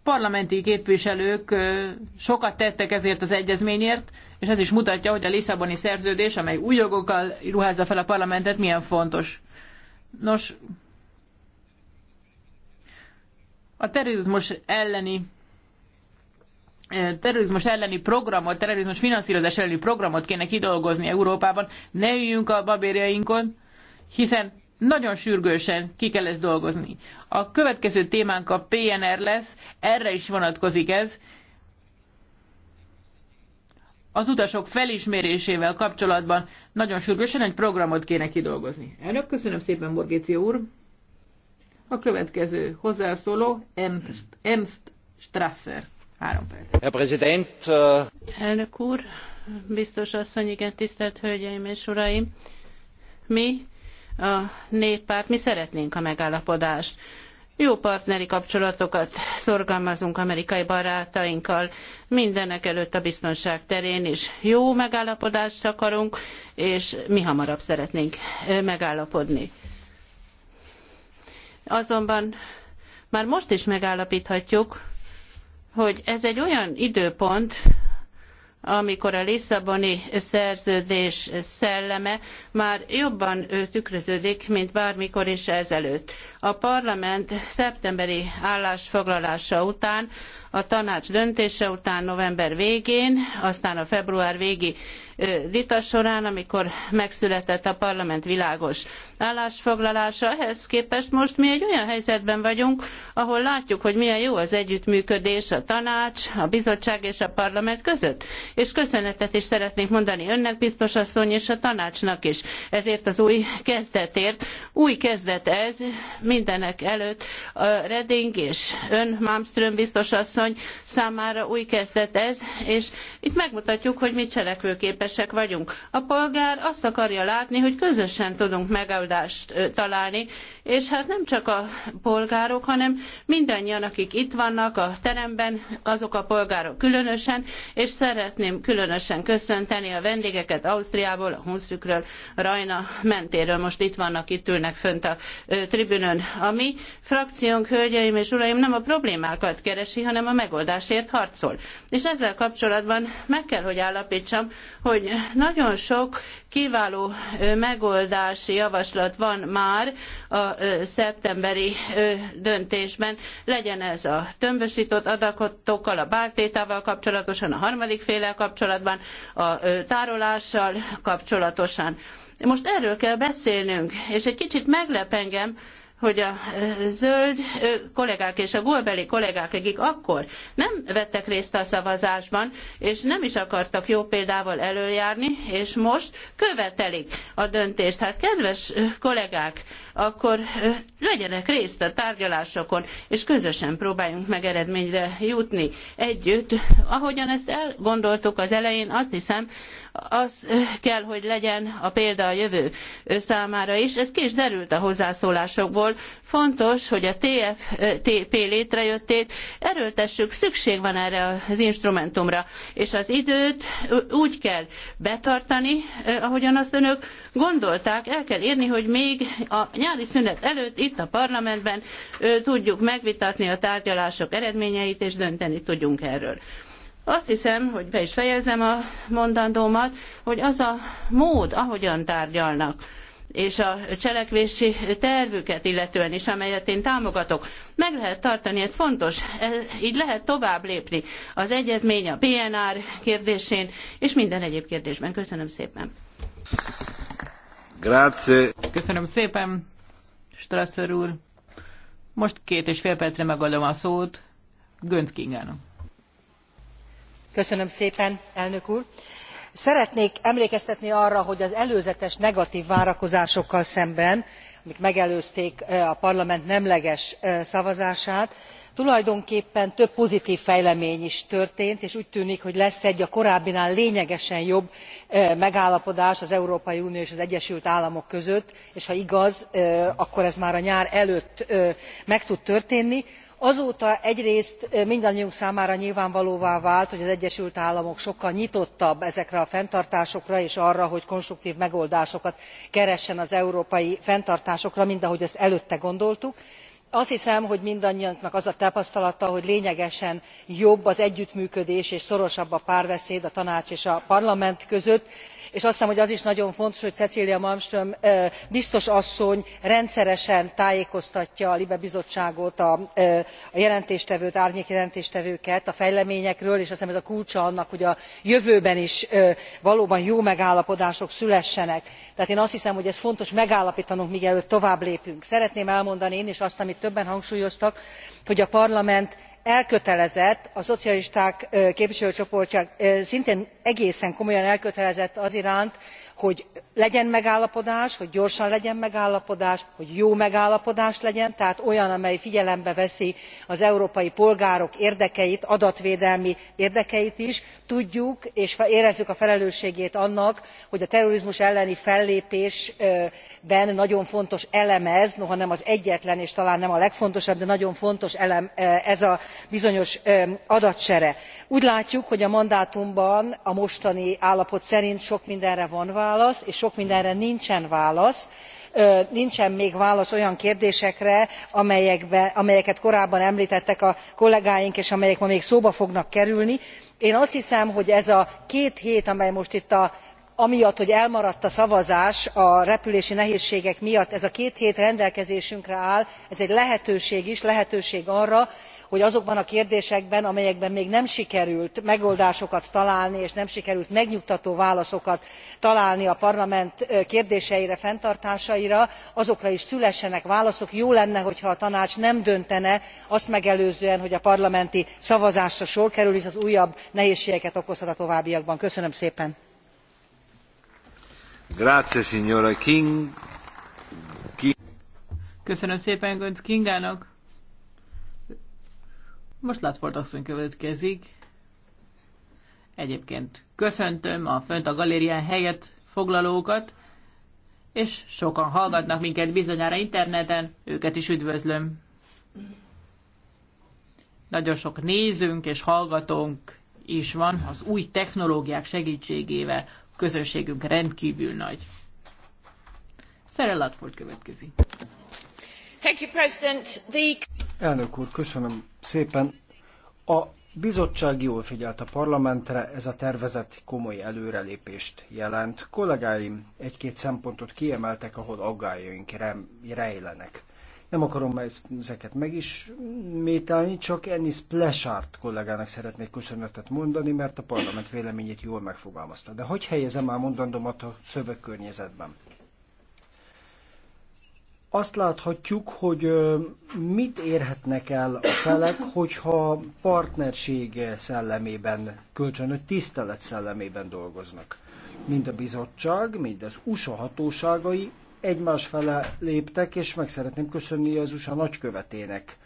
parlamenti képviselők sokat tettek ezért az egyezményért, és ez is mutatja, hogy a Lisszaboni szerződés, amely új jogokkal ruházza fel a parlamentet, milyen fontos. Nos, a terrorizmus elleni terrorizmus elleni programot, terrorizmus finanszírozás elleni programot kéne kidolgozni Európában. Ne üljünk a babérjainkon, hiszen nagyon sürgősen ki kell ezt dolgozni. A következő témánk a PNR lesz, erre is vonatkozik ez. Az utasok felismerésével kapcsolatban nagyon sürgősen egy programot kéne kidolgozni. Elnök, köszönöm szépen, Borgéció úr. A következő hozzászóló Ernst, Ernst Strasser. Három perc. Herr Präsident! Uh... Elnök úr, biztos asszony, igen, tisztelt hölgyeim és uraim! Mi a néppárt, mi szeretnénk a megállapodást. Jó partneri kapcsolatokat szorgalmazunk amerikai barátainkkal, mindenekelőtt a biztonság terén is jó megállapodást akarunk, és mi hamarabb szeretnénk megállapodni. Azonban már most is megállapíthatjuk, hogy ez egy olyan időpont, amikor a Lisszaboni szerződés szelleme már jobban tükröződik, mint bármikor is ezelőtt. A parlament szeptemberi állásfoglalása után, a tanács döntése után november végén, aztán a február végi vita során, amikor megszületett a parlament világos állásfoglalása. Ehhez képest most mi egy olyan helyzetben vagyunk, ahol látjuk, hogy milyen jó az együttműködés a tanács, a bizottság és a parlament között. És köszönetet is szeretnék mondani önnek, biztos asszony, és a tanácsnak is ezért az új kezdetért. Új kezdet ez mindenek előtt a Reding és ön Malmström biztos asszony számára új kezdet ez, és itt megmutatjuk, hogy mi cselekvőképesek képesek vagyunk. A polgár azt akarja látni, hogy közösen tudunk megoldást találni, és hát nem csak a polgárok, hanem mindannyian, akik itt vannak a teremben, azok a polgárok különösen, és szeretném különösen köszönteni a vendégeket Ausztriából, a Hunszükről, Rajna mentéről. Most itt vannak, itt ülnek fönt a tribünön. A mi frakciónk, hölgyeim és uraim, nem a problémákat keresi, hanem a megoldásért harcol. És ezzel kapcsolatban meg kell, hogy állapítsam, hogy hogy nagyon sok kiváló megoldási javaslat van már a szeptemberi döntésben, legyen ez a tömbösított adatokkal, a bártétával kapcsolatosan, a harmadik félel kapcsolatban, a tárolással kapcsolatosan. Most erről kell beszélnünk, és egy kicsit meglep engem, hogy a zöld kollégák és a golbeli kollégák, akik akkor nem vettek részt a szavazásban, és nem is akartak jó példával előjárni, és most követelik a döntést. Hát kedves kollégák, akkor legyenek részt a tárgyalásokon, és közösen próbáljunk meg eredményre jutni együtt. Ahogyan ezt elgondoltuk az elején, azt hiszem, az kell, hogy legyen a példa a jövő számára is. Ez ki is derült a hozzászólásokból szempontból fontos, hogy a TFTP eh, létrejöttét erőltessük, szükség van erre az instrumentumra, és az időt úgy kell betartani, eh, ahogyan azt önök gondolták, el kell érni, hogy még a nyári szünet előtt itt a parlamentben eh, tudjuk megvitatni a tárgyalások eredményeit, és dönteni tudjunk erről. Azt hiszem, hogy be is fejezem a mondandómat, hogy az a mód, ahogyan tárgyalnak, és a cselekvési tervüket illetően is, amelyet én támogatok, meg lehet tartani, ez fontos, e, így lehet tovább lépni az egyezmény a PNR kérdésén, és minden egyéb kérdésben. Köszönöm szépen. Grazie. Köszönöm szépen, Strasser úr. Most két és fél percre megadom a szót Gönc Kingának. Köszönöm szépen, elnök úr szeretnék emlékeztetni arra hogy az előzetes negatv várakozásokkal szemben amik megelőzték a parlament nemleges szavazását tulajdonképpen több pozitv fejlemény is történt és úgy tűnik hogy lesz egy a korábbinál lényegesen jobb megállapodás az európai unió és az egyesült államok között és ha igaz akkor ez már a nyár előtt meg tud történni azóta egyrészt mindannyiunk számára nyilvánvalóvá vált hogy az egyesült államok sokkal nyitottabb ezekre a fenntartásokra és arra hogy konstruktv megoldásokat keressen az európai fenntartásokra mint ahogy azt előtte gondoltuk. azt hiszem hogy mindannyiunknak az a tapasztalata hogy lényegesen jobb az együttműködés és szorosabb a párbeszéd a tanács és a parlament között és azt hiszem hogy az is nagyon fontos hogy cecilia malmström biztos asszony rendszeresen tájékoztatja a libe bizottságot a jelentéstevőt árnyék jelentéstevőket a fejleményekről és azt hiszem ez a kulcsa annak hogy a jövőben is valóban jó megállapodások szülessenek. tehát én azt hiszem hogy ezt fontos megállaptanunk mielőtt továbblépünk. szeretném elmondani én is azt amit többen hangsúlyoztak hogy a parlament elkötelezett a szocialisták képviselőcsoportja szintén egészen komolyan elkötelezett az iránt hogy legyen megállapodás hogy gyorsan legyen megállapodás hogy jó megállapodás legyen tehát olyan amely figyelembe veszi az európai polgárok érdekeit adatvédelmi érdekeit is. tudjuk és érezzük a felelősségét annak hogy a terrorizmus elleni fellépésben nagyon fontos elem ez noha nem az egyetlen és talán nem a legfontosabb de nagyon fontos elem ez a bizonyos adatcsere. úgy látjuk hogy a mandátumban a mostani állapot szerint sok mindenre van válasz és sok mindenre nincsen válasz nincsen még válasz olyan kérdésekre amelyeket korábban emltettek a kollégáink és amelyek ma még szóba fognak kerülni. én azt hiszem hogy ez a két hét amely most itt amiatt hogy elmaradt a szavazás a repülési nehézségek miatt ez a két hét rendelkezésünkre áll ez egy lehetőség is lehetőség arra hogy azokban a kérdésekben amelyekben még nem sikerült megoldásokat találni és nem sikerült megnyugtató válaszokat találni a parlament kérdéseire fenntartásaira azokra is szülessenek válaszok. jó lenne hogyha a tanács nem döntene azt megelőzően hogy a parlamenti szavazásra sor kerül hisz az újabb nehézségeket okozhat a továbbiakban. köszönöm szépen! köszönöm szépen most Latford asszony következik. Egyébként köszöntöm a fönt a galérián helyet foglalókat, és sokan hallgatnak minket bizonyára interneten, őket is üdvözlöm. Nagyon sok nézőnk és hallgatónk is van az új technológiák segítségével, a közönségünk rendkívül nagy. Szerelatford következik. Thank you, President. The... Elnök úr, köszönöm szépen. A bizottság jól figyelt a parlamentre, ez a tervezet komoly előrelépést jelent. Kollégáim egy-két szempontot kiemeltek, ahol aggályaink rejlenek. Nem akarom ezeket meg is megismételni, csak Ennis Plesárt kollégának szeretnék köszönetet mondani, mert a parlament véleményét jól megfogalmazta. De hogy helyezem már mondandomat a szövegkörnyezetben? azt láthatjuk, hogy mit érhetnek el a felek, hogyha partnerség szellemében, kölcsönös tisztelet szellemében dolgoznak. Mind a bizottság, mind az USA hatóságai egymás fele léptek, és meg szeretném köszönni az USA nagykövetének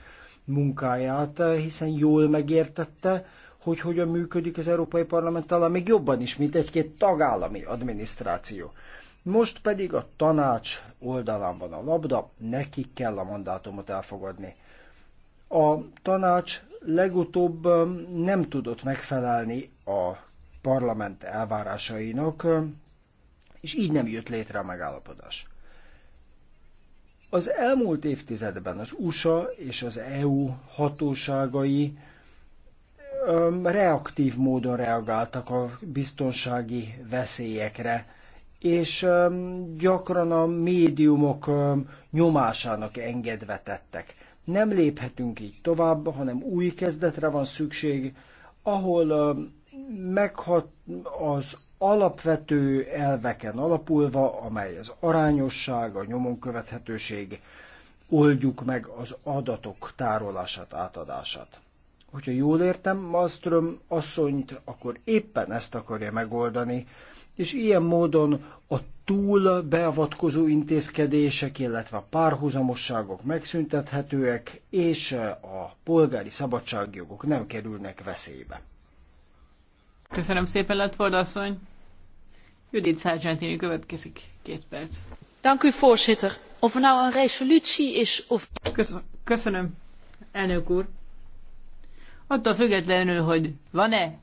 munkáját, hiszen jól megértette, hogy hogyan működik az Európai Parlament, talán még jobban is, mint egy-két tagállami adminisztráció. Most pedig a tanács oldalán van a labda, nekik kell a mandátumot elfogadni. A tanács legutóbb um, nem tudott megfelelni a parlament elvárásainak, um, és így nem jött létre a megállapodás. Az elmúlt évtizedben az USA és az EU hatóságai um, reaktív módon reagáltak a biztonsági veszélyekre, és gyakran a médiumok nyomásának engedve tettek. Nem léphetünk így tovább, hanem új kezdetre van szükség, ahol meghat az alapvető elveken alapulva, amely az arányosság, a nyomon követhetőség, oldjuk meg az adatok tárolását, átadását. Hogyha jól értem Malmström asszonyt, akkor éppen ezt akarja megoldani, és ilyen módon a túl beavatkozó intézkedések, illetve a párhuzamosságok megszüntethetőek, és a polgári szabadságjogok nem kerülnek veszélybe. Köszönöm szépen, lett asszony. Judith Sargentini következik két perc. Dank u, voorzitter. Of er nou een resolutie is of... Köszönöm, elnök úr. Attól függetlenül, hogy van-e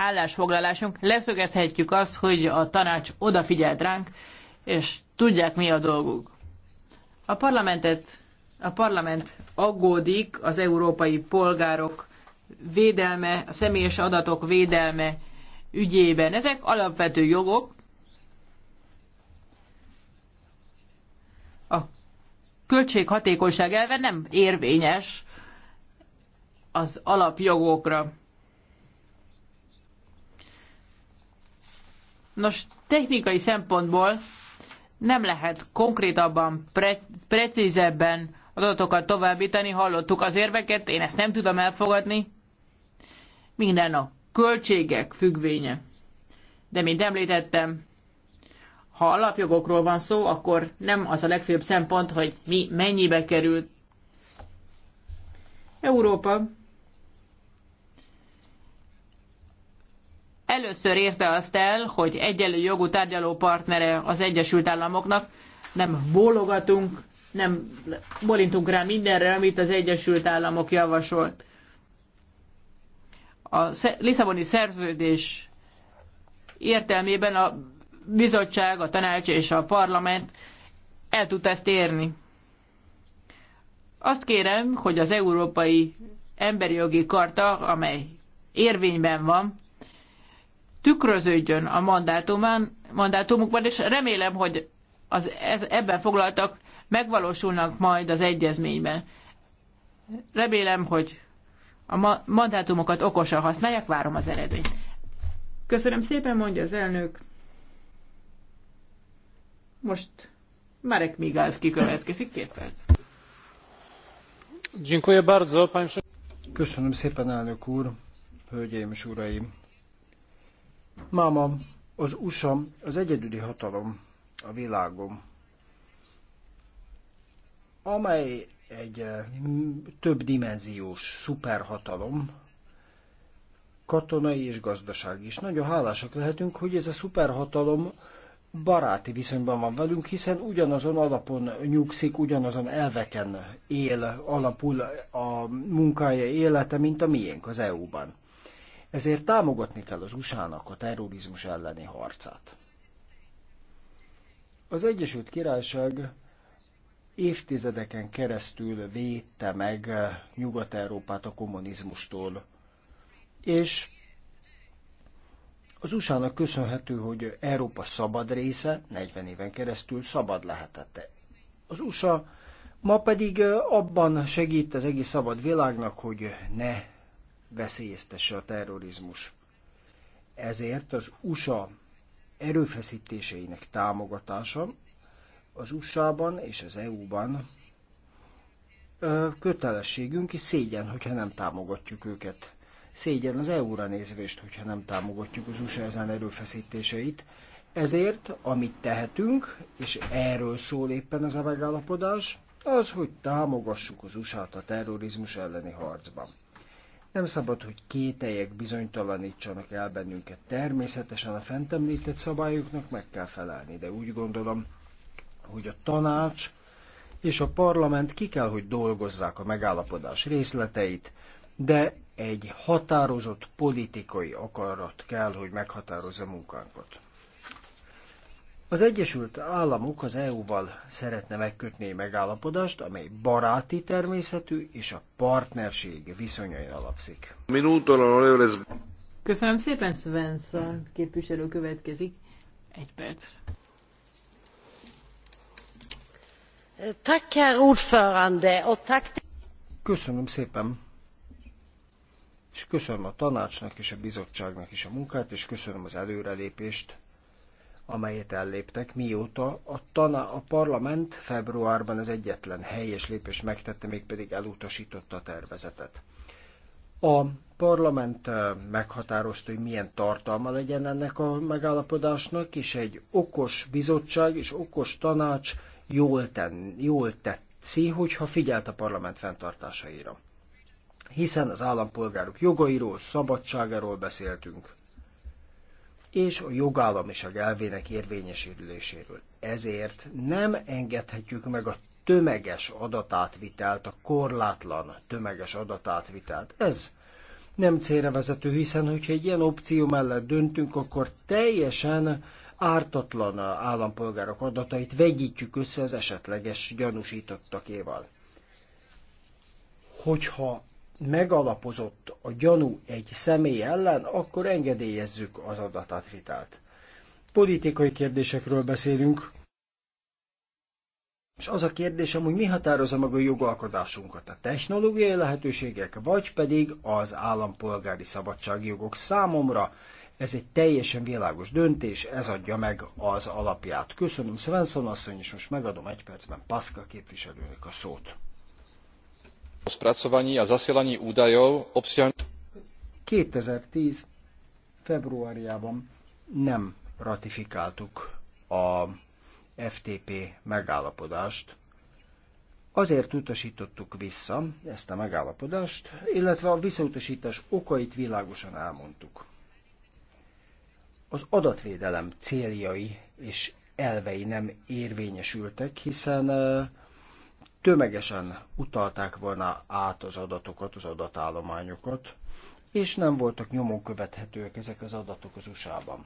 állásfoglalásunk, leszögezhetjük azt, hogy a tanács odafigyelt ránk, és tudják mi a dolguk. A parlamentet, a parlament aggódik az európai polgárok védelme, a személyes adatok védelme ügyében. Ezek alapvető jogok. A költséghatékonyság elve nem érvényes az alapjogokra. Nos, technikai szempontból nem lehet konkrétabban, pre- precízebben adatokat továbbítani, hallottuk az érveket, én ezt nem tudom elfogadni. Minden a költségek függvénye. De, mint említettem, ha alapjogokról van szó, akkor nem az a legfőbb szempont, hogy mi mennyibe került Európa először érte azt el, hogy egyenlő jogú tárgyalópartnere az Egyesült Államoknak, nem bólogatunk, nem bolintunk rá mindenre, amit az Egyesült Államok javasolt. A Lisszaboni szerződés értelmében a bizottság, a tanács és a parlament el tudta ezt érni. Azt kérem, hogy az Európai Emberi Jogi Karta, amely érvényben van, tükröződjön a mandátumán, mandátumukban, és remélem, hogy az ez, ebben foglaltak megvalósulnak majd az egyezményben. Remélem, hogy a ma- mandátumokat okosan használják, várom az eredményt. Köszönöm szépen, mondja az elnök. Most Marek Migalski kikövetkezik, két perc. Köszönöm szépen, elnök úr, hölgyeim és uraim. Máma, az USA az egyedüli hatalom a világom, amely egy eh, többdimenziós szuperhatalom, katonai és gazdasági is. Nagyon hálásak lehetünk, hogy ez a szuperhatalom baráti viszonyban van velünk, hiszen ugyanazon alapon nyugszik, ugyanazon elveken él, alapul a munkája élete, mint a miénk az EU-ban. Ezért támogatni kell az USA-nak a terrorizmus elleni harcát. Az Egyesült Királyság évtizedeken keresztül védte meg Nyugat-Európát a kommunizmustól, és az USA-nak köszönhető, hogy Európa szabad része 40 éven keresztül szabad lehetett. Az USA ma pedig abban segít az egész szabad világnak, hogy ne veszélyeztesse a terrorizmus. Ezért az USA erőfeszítéseinek támogatása az USA-ban és az EU-ban kötelességünk és szégyen, hogyha nem támogatjuk őket. Szégyen az EU-ra nézvést, hogyha nem támogatjuk az USA ezen erőfeszítéseit. Ezért, amit tehetünk, és erről szól éppen ez a megállapodás, az, hogy támogassuk az USA-t a terrorizmus elleni harcban. Nem szabad, hogy kételyek bizonytalanítsanak el bennünket. Természetesen a fent említett szabályoknak meg kell felelni, de úgy gondolom, hogy a tanács és a parlament ki kell, hogy dolgozzák a megállapodás részleteit, de egy határozott politikai akarat kell, hogy meghatározza munkánkat. Az Egyesült Államok az EU-val szeretne megkötni megállapodást, amely baráti természetű és a partnerség viszonyain alapszik. Köszönöm szépen, Svensson képviselő következik. Egy perc. Köszönöm szépen, és köszönöm a tanácsnak és a bizottságnak is a munkát, és köszönöm az előrelépést amelyet elléptek, mióta a, taná, a parlament februárban az egyetlen helyes lépés megtette, mégpedig elutasította a tervezetet. A parlament meghatározta, hogy milyen tartalma legyen ennek a megállapodásnak, és egy okos bizottság és okos tanács jól, ten, jól tetszi, hogyha figyelt a parlament fenntartásaira. Hiszen az állampolgárok jogairól, szabadságáról beszéltünk és a jogállamiság elvének érvényesüléséről. Ezért nem engedhetjük meg a tömeges adatátvitelt, a korlátlan tömeges adatátvitelt. Ez nem célra vezető, hiszen hogyha egy ilyen opció mellett döntünk, akkor teljesen ártatlan állampolgárok adatait vegyítjük össze az esetleges gyanúsítottakéval. Hogyha megalapozott a gyanú egy személy ellen, akkor engedélyezzük az adatátvitelt. Politikai kérdésekről beszélünk, és az a kérdésem, hogy mi határozza meg a jogalkotásunkat, a technológiai lehetőségek, vagy pedig az állampolgári szabadságjogok számomra. Ez egy teljesen világos döntés, ez adja meg az alapját. Köszönöm Svensson asszony, és most megadom egy percben Paszka képviselőnek a szót spracovaní a zasielaní údajov obsiahnutých 2010 februárjában nem ratifikáltuk a FTP megállapodást. Azért utasítottuk vissza ezt a megállapodást, illetve a visszautasítás okait világosan elmondtuk. Az adatvédelem céljai és elvei nem érvényesültek, hiszen eh, tömegesen utalták volna át az adatokat, az adatállományokat, és nem voltak nyomon követhetőek ezek az adatok az USA-ban.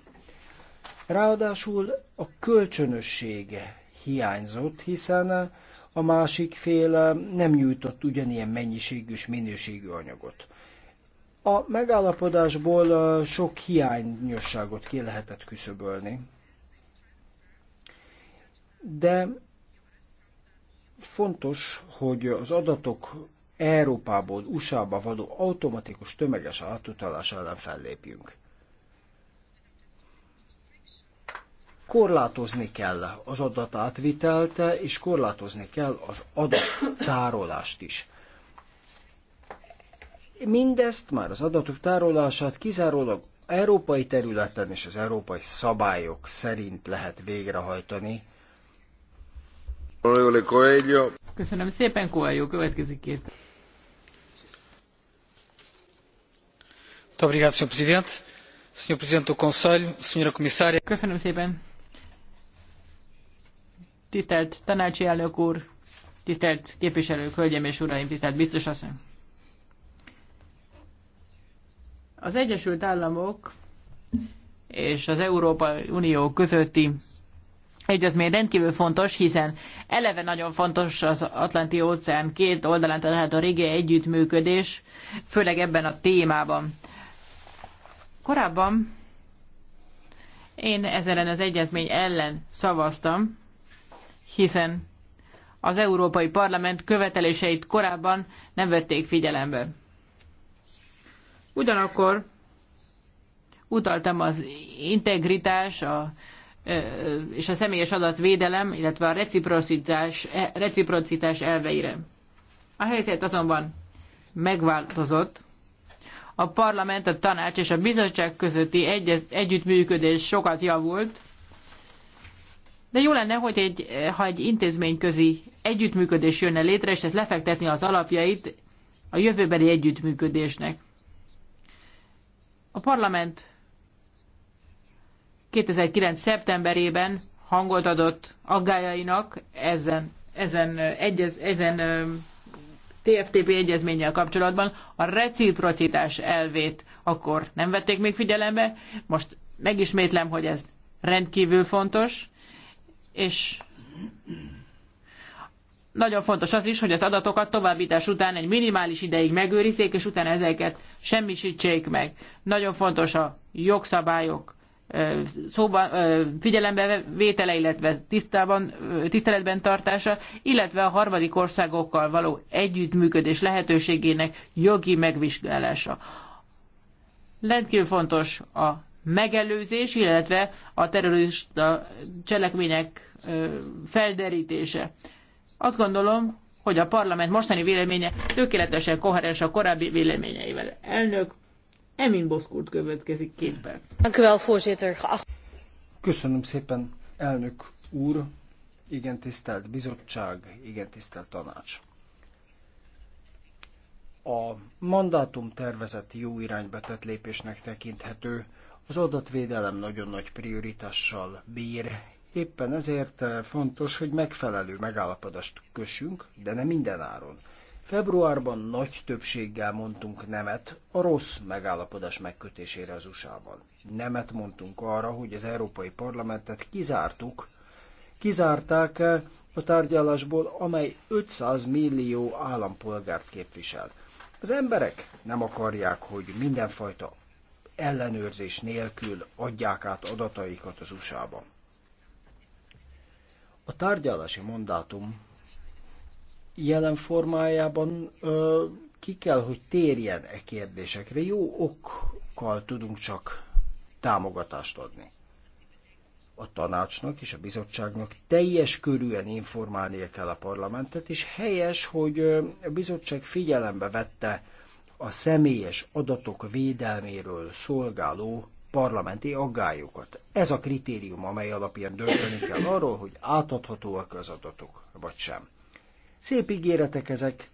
Ráadásul a kölcsönössége hiányzott, hiszen a másik fél nem nyújtott ugyanilyen mennyiségű és minőségű anyagot. A megállapodásból sok hiányosságot ki lehetett küszöbölni, de Fontos, hogy az adatok Európából USA-ba való automatikus tömeges átutalás ellen fellépjünk. Korlátozni kell az adatátvitelt, és korlátozni kell az adattárolást is. Mindezt már az adatok tárolását kizárólag európai területen és az európai szabályok szerint lehet végrehajtani, Köszönöm szépen, Coelho, következik két. Köszönöm szépen. Tisztelt tanácsi elnök úr, tisztelt képviselők, hölgyeim és uraim, tisztelt biztos asszony. Az Egyesült Államok és az Európai Unió közötti egyezmény rendkívül fontos, hiszen eleve nagyon fontos az Atlanti óceán két oldalán található régi együttműködés, főleg ebben a témában. Korábban én ezen az egyezmény ellen szavaztam, hiszen az Európai Parlament követeléseit korábban nem vették figyelembe. Ugyanakkor utaltam az integritás, a és a személyes adatvédelem, illetve a reciprocitás, e, reciprocitás elveire. A helyzet azonban megváltozott. A parlament, a tanács és a bizottság közötti egy, együttműködés sokat javult, de jó lenne, hogy egy, ha egy intézményközi együttműködés jönne létre, és ez lefektetni az alapjait a jövőbeli együttműködésnek. A parlament 2009. szeptemberében hangot adott aggájainak ezen, ezen, egyez, ezen TFTP egyezménnyel kapcsolatban a reciprocitás elvét akkor nem vették még figyelembe. Most megismétlem, hogy ez rendkívül fontos, és nagyon fontos az is, hogy az adatokat továbbítás után egy minimális ideig megőrizzék, és utána ezeket semmisítsék meg. Nagyon fontos a jogszabályok szóban, figyelembe vétele, illetve tisztában, tiszteletben tartása, illetve a harmadik országokkal való együttműködés lehetőségének jogi megvizsgálása. Rendkívül fontos a megelőzés, illetve a terrorista cselekmények felderítése. Azt gondolom, hogy a parlament mostani véleménye tökéletesen koherens a korábbi véleményeivel. Elnök, Emin Boszkurt következik két perc. Köszönöm szépen, elnök úr, igen tisztelt bizottság, igen tisztelt tanács. A mandátum tervezeti jó irányba tett lépésnek tekinthető, az adatvédelem nagyon nagy prioritással bír, éppen ezért eh, fontos, hogy megfelelő megállapodást kössünk, de nem minden áron. Februárban nagy többséggel mondtunk nemet a rossz megállapodás megkötésére az USA-ban. Nemet mondtunk arra, hogy az Európai Parlamentet kizártuk, kizárták a tárgyalásból, amely 500 millió állampolgárt képvisel. Az emberek nem akarják, hogy mindenfajta ellenőrzés nélkül adják át adataikat az usa ba A tárgyalási mandátum jelen formájában ö, ki kell, hogy térjen e kérdésekre. Jó okkal tudunk csak támogatást adni. A tanácsnak és a bizottságnak teljes körűen informálnia kell a parlamentet, és helyes, hogy a bizottság figyelembe vette a személyes adatok védelméről szolgáló parlamenti aggályokat. Ez a kritérium, amely alapján dönteni kell arról, hogy átadhatóak az adatok, vagy sem. Szép ígéretek ezek,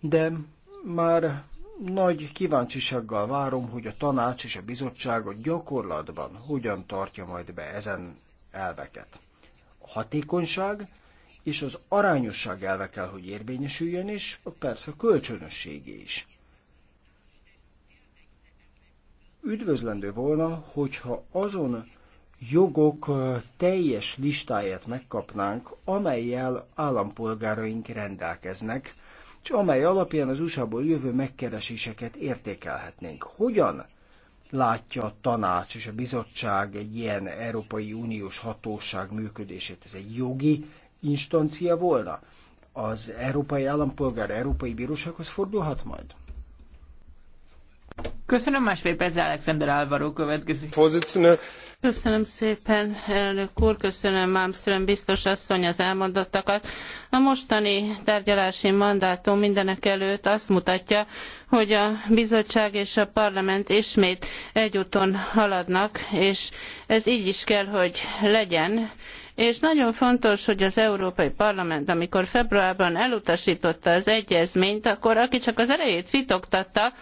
de már nagy kíváncsisággal várom, hogy a tanács és a bizottság a gyakorlatban hogyan tartja majd be ezen elveket. A hatékonyság és az arányosság elve kell, hogy érvényesüljön, és persze a kölcsönösségé is. Üdvözlendő volna, hogyha azon jogok teljes listáját megkapnánk, amelyel állampolgáraink rendelkeznek, és amely alapján az USA-ból jövő megkereséseket értékelhetnénk. Hogyan látja a tanács és a bizottság egy ilyen Európai Uniós hatóság működését? Ez egy jogi instancia volna? Az európai állampolgár Európai Bírósághoz fordulhat majd? Köszönöm, másfél perc Alexander Álvaro következik. Köszönöm szépen, elnök úr, köszönöm Malmström biztos asszony az elmondottakat. A mostani tárgyalási mandátum mindenekelőtt azt mutatja, hogy a bizottság és a parlament ismét egyúton haladnak, és ez így is kell, hogy legyen. És nagyon fontos, hogy az Európai Parlament, amikor februárban elutasította az egyezményt, akkor aki csak az erejét fitoktatta,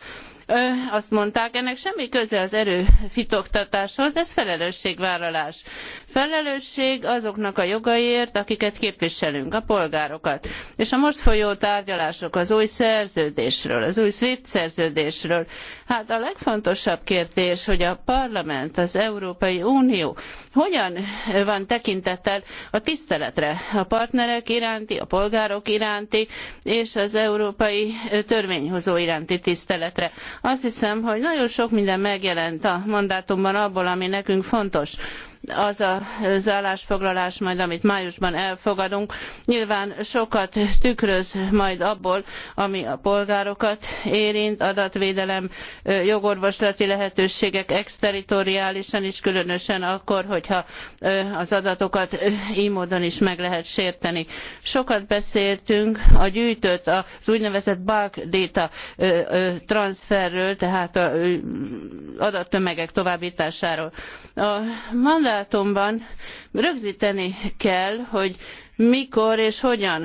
azt mondták, ennek semmi köze az erő fitoktatáshoz, ez felelősségvállalás. Felelősség azoknak a jogaiért, akiket képviselünk, a polgárokat. És a most folyó tárgyalások az új szerződésről, az új SWIFT szerződésről. Hát a legfontosabb kérdés, hogy a parlament, az Európai Unió hogyan van tekintettel a tiszteletre a partnerek iránti, a polgárok iránti, és az európai törvényhozó iránti tiszteletre. Azt hiszem, hogy nagyon sok minden megjelent a mandátumban abból, ami nekünk fontos az az állásfoglalás majd, amit májusban elfogadunk, nyilván sokat tükröz majd abból, ami a polgárokat érint, adatvédelem, jogorvoslati lehetőségek exteritoriálisan is, különösen akkor, hogyha az adatokat így módon is meg lehet sérteni. Sokat beszéltünk a gyűjtött, az úgynevezett bulk data transferről, tehát a adattömegek továbbításáról. A mandátumban rögzíteni kell, hogy mikor és hogyan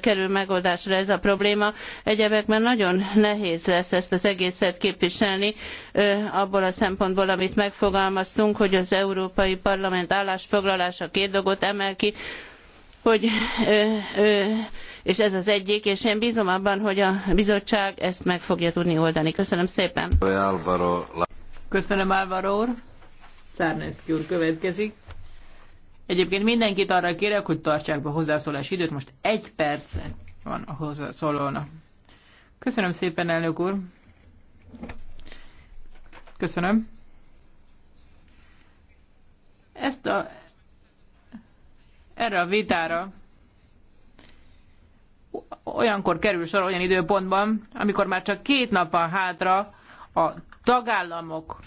kerül megoldásra ez a probléma. Egyebekben nagyon nehéz lesz ezt az egészet képviselni, abból a szempontból, amit megfogalmaztunk, hogy az Európai Parlament állásfoglalása két dolgot emel ki, hogy, és ez az egyik, és én bízom abban, hogy a bizottság ezt meg fogja tudni oldani. Köszönöm szépen. Köszönöm, Álvaro úr. Szárneszki úr következik. Egyébként mindenkit arra kérek, hogy tartsák be hozzászólás időt, most egy perce van a hozzászólónak. Köszönöm szépen, elnök úr. Köszönöm. Ezt a... Erre a vitára olyankor kerül sor olyan időpontban, amikor már csak két nap van hátra a tagállamok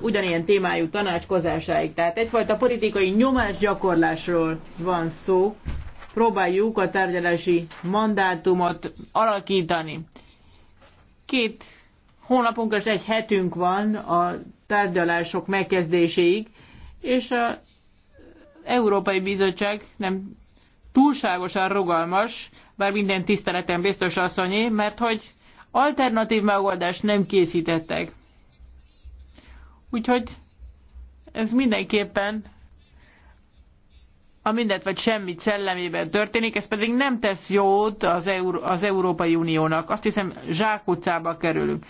ugyanilyen témájú tanácskozásáig. Tehát egyfajta politikai nyomásgyakorlásról van szó. Próbáljuk a tárgyalási mandátumot alakítani. Két hónapunk és egy hetünk van a tárgyalások megkezdéséig, és a Európai Bizottság nem túlságosan rugalmas, bár minden tiszteletem biztos asszonyé, mert hogy alternatív megoldást nem készítettek. Úgyhogy ez mindenképpen a mindent vagy semmit szellemében történik, ez pedig nem tesz jót az, Euró- az Európai Uniónak. Azt hiszem, zsákutcába kerülünk.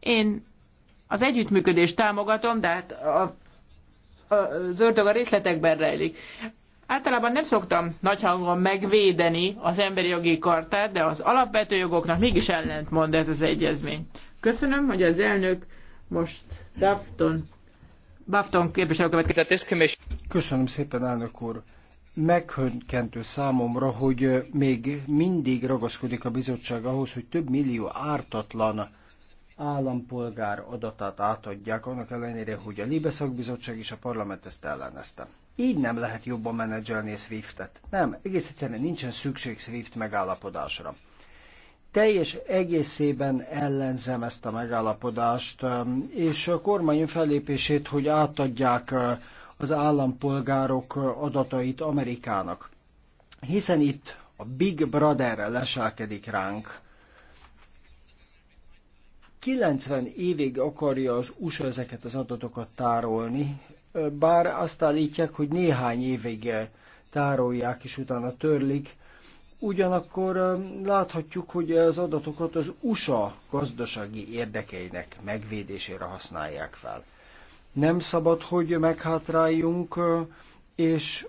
Én az együttműködést támogatom, de hát a, a, az ördög a részletekben rejlik. Általában nem szoktam nagy hangon megvédeni az emberi jogi kartát, de az alapvető jogoknak mégis ellentmond ez az egyezmény. Köszönöm, hogy az elnök most Dafton, Bafton képviselő következik. Köszönöm szépen, elnök úr. Meghönkentő számomra, hogy még mindig ragaszkodik a bizottság ahhoz, hogy több millió ártatlan állampolgár adatát átadják, annak ellenére, hogy a Libe szakbizottság és a parlament ezt ellenezte. Így nem lehet jobban menedzselni a SWIFT-et. Nem, egész egyszerűen nincsen szükség SWIFT megállapodásra teljes egészében ellenzem ezt a megállapodást, um, és a kormány fellépését, hogy átadják uh, az állampolgárok uh, adatait Amerikának. Hiszen itt a Big Brother leselkedik ránk. 90 évig akarja az USA ezeket az adatokat tárolni, uh, bár azt állítják, hogy néhány évig tárolják, és utána törlik, Ugyanakkor láthatjuk, hogy az adatokat az USA gazdasági érdekeinek megvédésére használják fel. Nem szabad, hogy meghátráljunk, és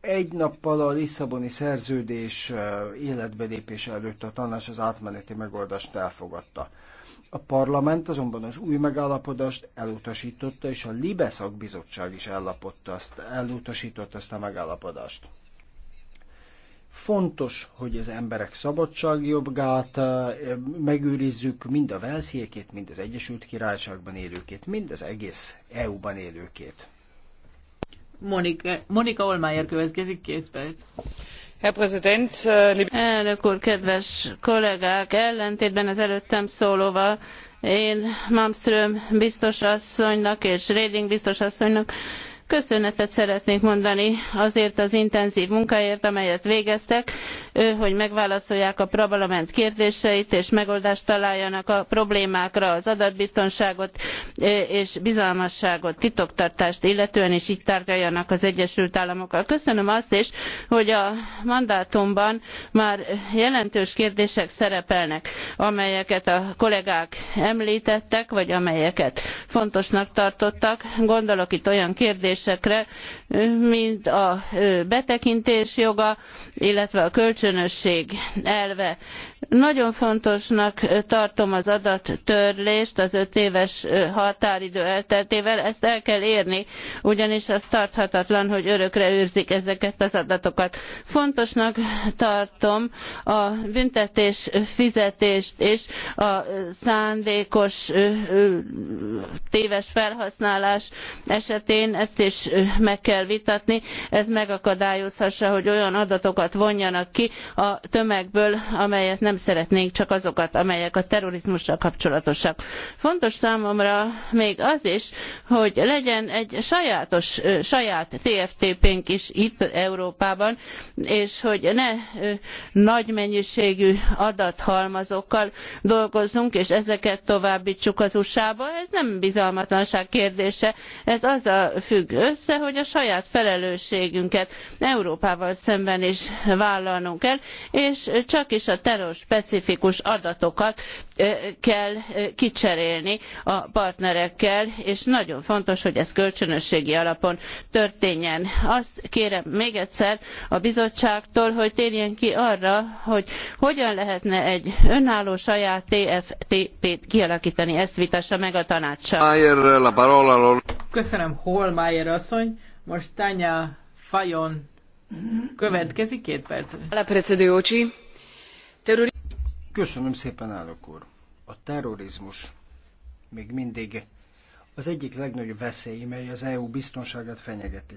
egy nappal a Lisszaboni szerződés életbelépése előtt a tanács az átmeneti megoldást elfogadta. A parlament azonban az új megállapodást elutasította, és a Libeszak bizottság is ellapotta azt, elutasította ezt a megállapodást. Fontos, hogy az emberek szabadságjogát eh, megőrizzük, mind a Velsziekét, mind az Egyesült Királyságban élőkét, mind az egész EU-ban élőkét. Monika, Monika Olmájer következik két perc. Herr Präsident, eh, Elnök úr, kedves kollégák! Ellentétben az előttem szólóval én Malmström biztos asszonynak és Reding biztos asszonynak Köszönetet szeretnék mondani azért az intenzív munkáért, amelyet végeztek, hogy megválaszolják a parlament kérdéseit, és megoldást találjanak a problémákra, az adatbiztonságot és bizalmasságot, titoktartást illetően, és itt tárgyaljanak az Egyesült Államokkal. Köszönöm azt is, hogy a mandátumban már jelentős kérdések szerepelnek, amelyeket a kollégák említettek, vagy amelyeket fontosnak tartottak. Gondolok itt olyan kérdésre, kérdésekre, mint a betekintés joga, illetve a kölcsönösség elve. Nagyon fontosnak tartom az adattörlést az öt éves határidő elteltével, ezt el kell érni, ugyanis az tarthatatlan, hogy örökre őrzik ezeket az adatokat. Fontosnak tartom a büntetés fizetést és a szándékos téves felhasználás esetén ezt is is meg kell vitatni, ez megakadályozhassa, hogy olyan adatokat vonjanak ki a tömegből, amelyet nem szeretnénk, csak azokat, amelyek a terrorizmussal kapcsolatosak. Fontos számomra még az is, hogy legyen egy sajátos, saját TFTP-nk is itt Európában, és hogy ne nagy mennyiségű adathalmazokkal dolgozzunk, és ezeket továbbítsuk az USA-ba. Ez nem bizalmatlanság kérdése, ez azzal függ össze, hogy a saját felelősségünket Európával szemben is vállalnunk kell, és csak is a terror specifikus adatokat kell kicserélni a partnerekkel, és nagyon fontos, hogy ez kölcsönösségi alapon történjen. Azt kérem még egyszer a bizottságtól, hogy térjen ki arra, hogy hogyan lehetne egy önálló saját TFTP-t kialakítani, ezt vitassa meg a tanácsa. Köszönöm, Holmeyer Fehér asszony, most Tanya Fajon következik két percre. Köszönöm szépen, állok úr. A terrorizmus még mindig az egyik legnagyobb veszély, mely az EU biztonságát fenyegeti.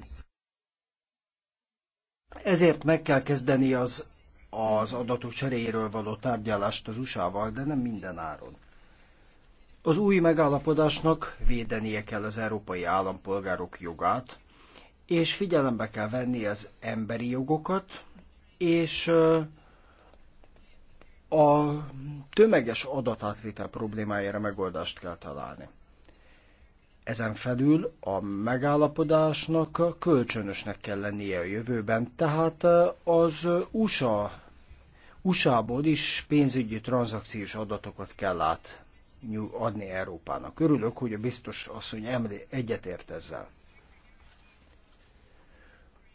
Ezért meg kell kezdeni az, az adatok cseréjéről való tárgyalást az USA-val, de nem minden áron. Az új megállapodásnak védenie kell az európai állampolgárok jogát, és figyelembe kell venni az emberi jogokat, és a tömeges adatátvitel problémájára megoldást kell találni. Ezen felül a megállapodásnak kölcsönösnek kell lennie a jövőben, tehát az USA, USA-ból is pénzügyi tranzakciós adatokat kell át adni Európának. Örülök, hogy a biztos asszony emlé egyetért ezzel.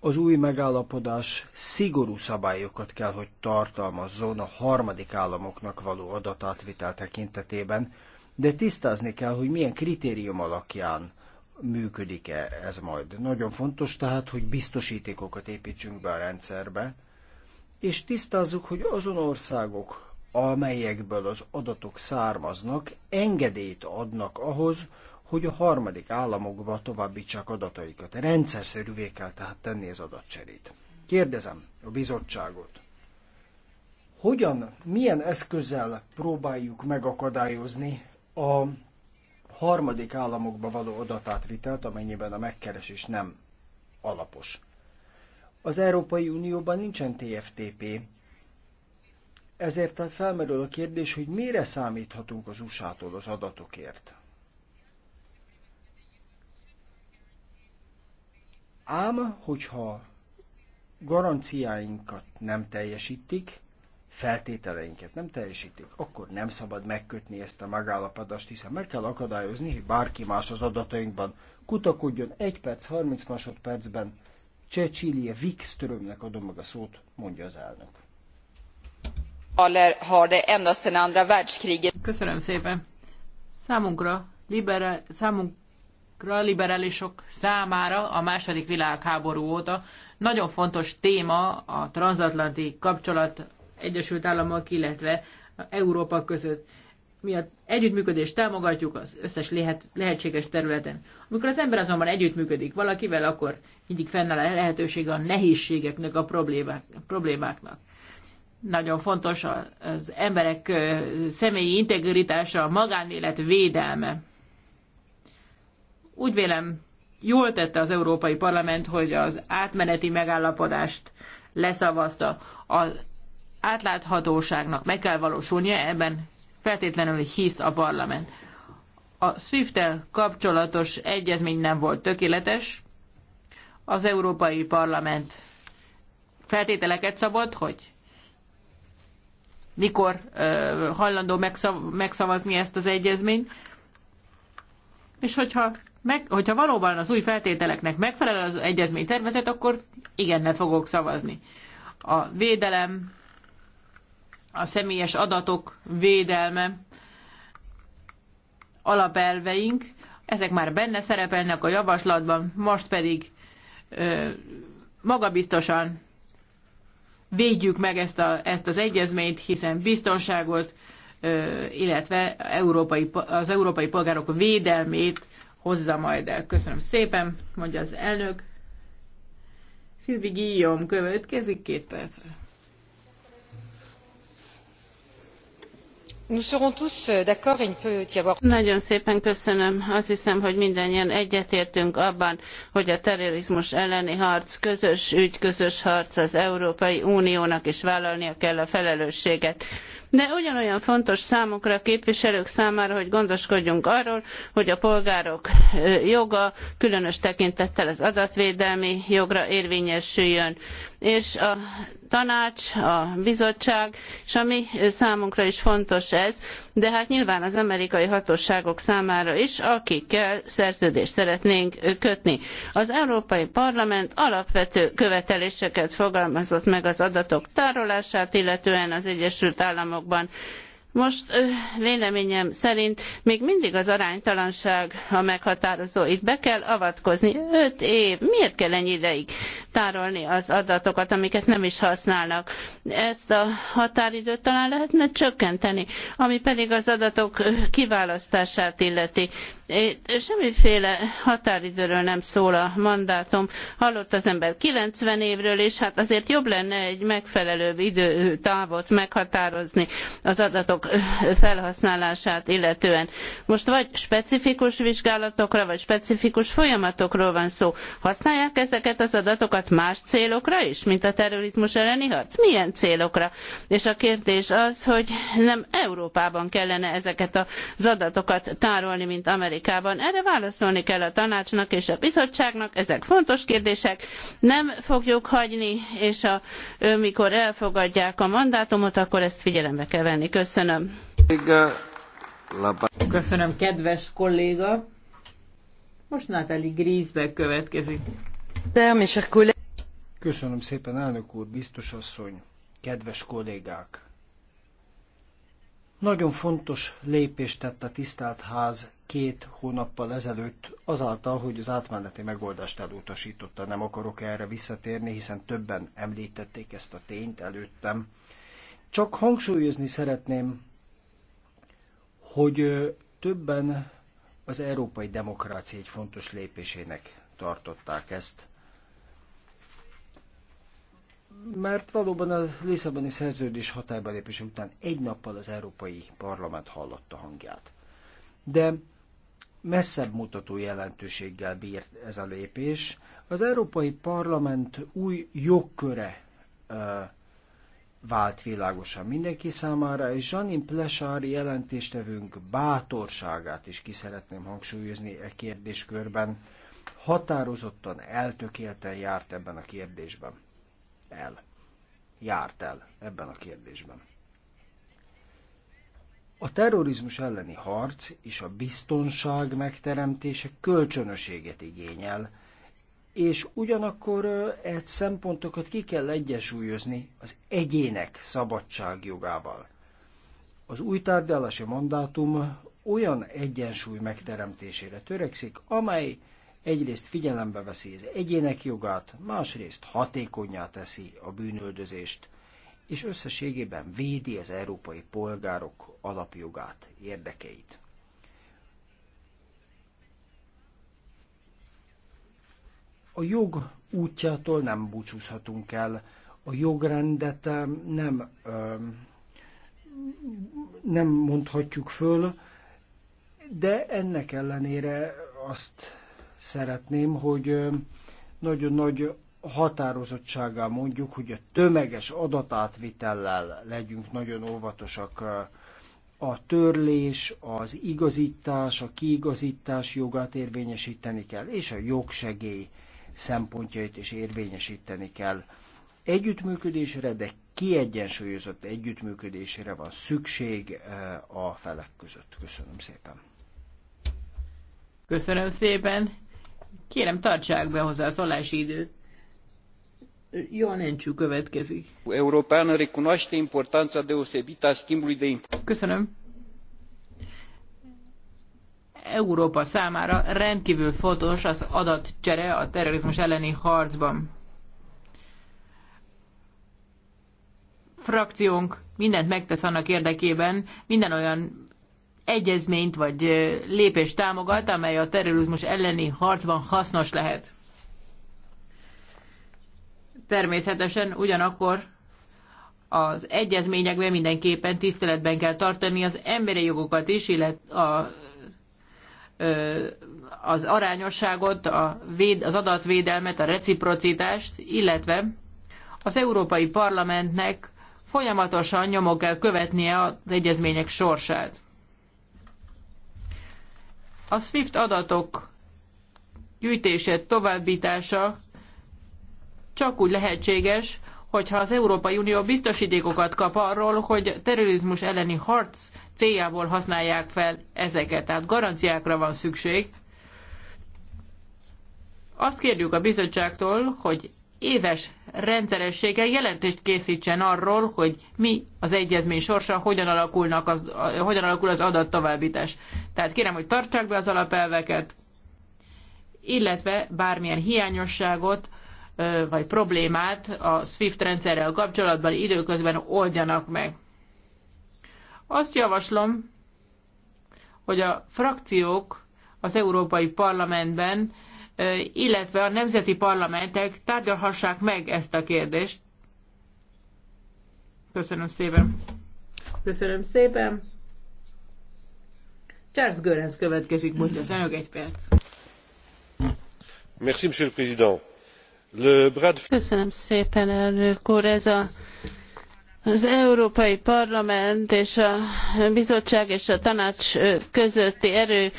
Az új megállapodás szigorú szabályokat kell, hogy tartalmazzon a harmadik államoknak való adatátvitel tekintetében, de tisztázni kell, hogy milyen kritérium alakján működik-e ez majd. Nagyon fontos tehát, hogy biztosítékokat építsünk be a rendszerbe, és tisztázzuk, hogy azon országok, amelyekből az adatok származnak, engedélyt adnak ahhoz, hogy a harmadik államokba továbbítsák adataikat. szerűvé kell tehát tenni az adatcserét. Kérdezem a bizottságot. Hogyan, milyen eszközzel próbáljuk megakadályozni a harmadik államokba való adatátvitelt, amennyiben a megkeresés nem alapos? Az Európai Unióban nincsen TFTP, ezért tehát felmerül a kérdés, hogy mire számíthatunk az USA-tól az adatokért. Ám, hogyha garanciáinkat nem teljesítik, feltételeinket nem teljesítik, akkor nem szabad megkötni ezt a megállapodást, hiszen meg kell akadályozni, hogy bárki más az adatainkban kutakodjon. egy perc, 30 másodpercben Cecilia Wikströmnek adom meg a szót, mondja az elnök har det sedan andra världskriget. Köszönöm szépen. Számunkra, liberál, számunkra liberálisok számára a második világháború óta nagyon fontos téma a transatlanti kapcsolat Egyesült Államok, illetve Európa között. Mi az együttműködést támogatjuk az összes lehet, lehetséges területen. Amikor az ember azonban együttműködik valakivel, akkor mindig fennáll a lehetősége a nehézségeknek, a problémáknak. Nagyon fontos az emberek személyi integritása, a magánélet védelme. Úgy vélem, jól tette az Európai Parlament, hogy az átmeneti megállapodást leszavazta. Az átláthatóságnak meg kell valósulnia, ebben feltétlenül hisz a parlament. A SWIFT-tel kapcsolatos egyezmény nem volt tökéletes. Az Európai Parlament feltételeket szabott, hogy mikor hajlandó megszavazni ezt az egyezményt. És hogyha, meg, hogyha valóban az új feltételeknek megfelel az egyezmény tervezet, akkor igennel fogok szavazni. A védelem, a személyes adatok védelme, alapelveink, ezek már benne szerepelnek a javaslatban, most pedig ö, magabiztosan védjük meg ezt, a, ezt az egyezményt, hiszen biztonságot, illetve európai, az európai polgárok védelmét hozza majd el. Köszönöm szépen, mondja az elnök. Szilvi Guillaume következik két percre. Euh, Nagyon szépen köszönöm. Azt hiszem, hogy mindannyian egyetértünk abban, hogy a terrorizmus elleni harc közös ügy, közös harc az Európai Uniónak, is vállalnia kell a felelősséget. De ugyanolyan fontos számokra a képviselők számára, hogy gondoskodjunk arról, hogy a polgárok joga, különös tekintettel az adatvédelmi jogra érvényesüljön. És a tanács, a bizottság, és ami számunkra is fontos ez, de hát nyilván az amerikai hatóságok számára is, akikkel szerződést szeretnénk kötni. Az Európai Parlament alapvető követeléseket fogalmazott meg az adatok tárolását, illetően az Egyesült Államokban most véleményem szerint még mindig az aránytalanság a meghatározó. Itt be kell avatkozni. Öt év. Miért kell ennyi ideig? tárolni az adatokat, amiket nem is használnak. Ezt a határidőt talán lehetne csökkenteni, ami pedig az adatok kiválasztását illeti. semmiféle határidőről nem szól a mandátum. Hallott az ember 90 évről, és hát azért jobb lenne egy megfelelőbb időtávot meghatározni az adatok felhasználását illetően. Most vagy specifikus vizsgálatokra, vagy specifikus folyamatokról van szó. Használják ezeket az adatokat harcot más célokra is, mint a terrorizmus elleni harc? Milyen célokra? És a kérdés az, hogy nem Európában kellene ezeket az adatokat tárolni, mint Amerikában. Erre válaszolni kell a tanácsnak és a bizottságnak, ezek fontos kérdések. Nem fogjuk hagyni, és a, mikor elfogadják a mandátumot, akkor ezt figyelembe kell venni. Köszönöm. Köszönöm, kedves kolléga! Most Natali Grisbe következik. Köszönöm szépen, elnök úr, biztos asszony, kedves kollégák! Nagyon fontos lépést tett a tisztelt ház két hónappal ezelőtt azáltal, hogy az átmeneti megoldást elutasította. Nem akarok erre visszatérni, hiszen többen említették ezt a tényt előttem. Csak hangsúlyozni szeretném, hogy többen az európai demokrácia egy fontos lépésének tartották ezt. Mert valóban a Lisszaboni szerződés hatályba lépése után egy nappal az Európai Parlament hallotta hangját. De messzebb mutató jelentőséggel bírt ez a lépés. Az Európai Parlament új jogköre vált világosan mindenki számára, és Janin Plesári jelentéstevünk bátorságát is ki szeretném hangsúlyozni e kérdéskörben, határozottan, eltökélten járt ebben a kérdésben. El. Járt el ebben a kérdésben. A terrorizmus elleni harc és a biztonság megteremtése kölcsönöséget igényel, és ugyanakkor egy szempontokat ki kell egyesúlyozni az egyének szabadságjogával. Az új tárgyalási mandátum olyan egyensúly megteremtésére törekszik, amely egyrészt figyelembe veszi az egyének jogát, másrészt hatékonyá teszi a bűnöldözést, és összességében védi az európai polgárok alapjogát, érdekeit. A jog útjától nem búcsúzhatunk el, a jogrendet eh, nem, eh, nem mondhatjuk föl, de ennek ellenére azt szeretném, hogy nagyon nagy határozottsággal mondjuk, hogy a tömeges adatátvitellel legyünk nagyon óvatosak. A törlés, az igazítás, a kiigazítás jogát érvényesíteni kell, és a jogsegély szempontjait is érvényesíteni kell. Együttműködésre, de kiegyensúlyozott együttműködésére van szükség a felek között. Köszönöm szépen. Köszönöm szépen. Kérem, tartsák be hozzá a szalási időt. Ioanencsú következik. Europeană recunoaște importanța deosebită a schimbului de Köszönöm. Európa számára rendkívül fontos az adatcsere a terrorizmus elleni harcban. Frakciónk mindent megtesz annak érdekében, minden olyan egyezményt vagy lépést támogat, amely a terrorizmus elleni harcban hasznos lehet. Természetesen ugyanakkor az egyezményekben mindenképpen tiszteletben kell tartani az emberi jogokat is, illetve a, az arányosságot, a véd, az adatvédelmet, a reciprocitást, illetve az Európai Parlamentnek folyamatosan nyomon kell követnie az egyezmények sorsát. A SWIFT adatok gyűjtése, továbbítása csak úgy lehetséges, hogyha az Európai Unió biztosítékokat kap arról, hogy terrorizmus elleni harc céljából használják fel ezeket. Tehát garanciákra van szükség. Azt kérjük a bizottságtól, hogy éves rendszerességgel jelentést készítsen arról, hogy mi az egyezmény sorsa, hogyan, alakulnak az, hogyan alakul az adat továbbítás. Tehát kérem, hogy tartsák be az alapelveket, illetve bármilyen hiányosságot vagy problémát a SWIFT rendszerrel kapcsolatban időközben oldjanak meg. Azt javaslom, hogy a frakciók az Európai Parlamentben illetve a nemzeti parlamentek tárgyalhassák meg ezt a kérdést. Köszönöm szépen. Köszönöm szépen. Charles Görens következik, mondja az elnök egy perc. Merci, monsieur le président. Le bras de... Köszönöm szépen, elnök úr. Ez a az Európai Parlament és a bizottság és a tanács közötti erő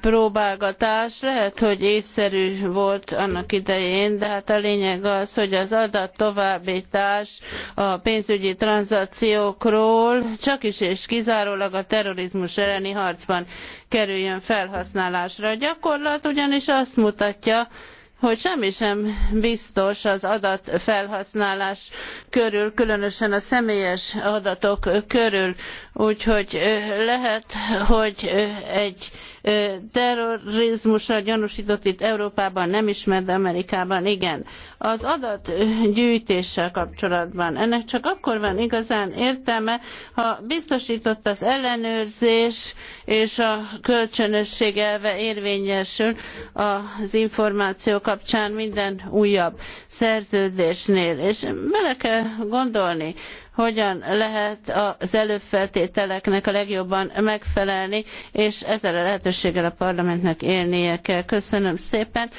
próbálgatás lehet, hogy észszerű volt annak idején, de hát a lényeg az, hogy az adat továbbítás a pénzügyi tranzakciókról csak is és kizárólag a terrorizmus elleni harcban kerüljön felhasználásra. A gyakorlat ugyanis azt mutatja, hogy semmi sem biztos az adatfelhasználás körül, különösen a személyes adatok körül. Úgyhogy lehet, hogy egy terrorizmusra gyanúsított itt Európában nem ismer, de Amerikában igen. Az adatgyűjtéssel kapcsolatban ennek csak akkor van igazán értelme, ha biztosított az ellenőrzés és a kölcsönösség elve érvényesül az információ kapcsán minden újabb szerződésnél. És bele kell gondolni, hogyan lehet az előfeltételeknek a legjobban megfelelni, és ezzel a lehetőséggel a parlamentnek élnie kell. Köszönöm szépen.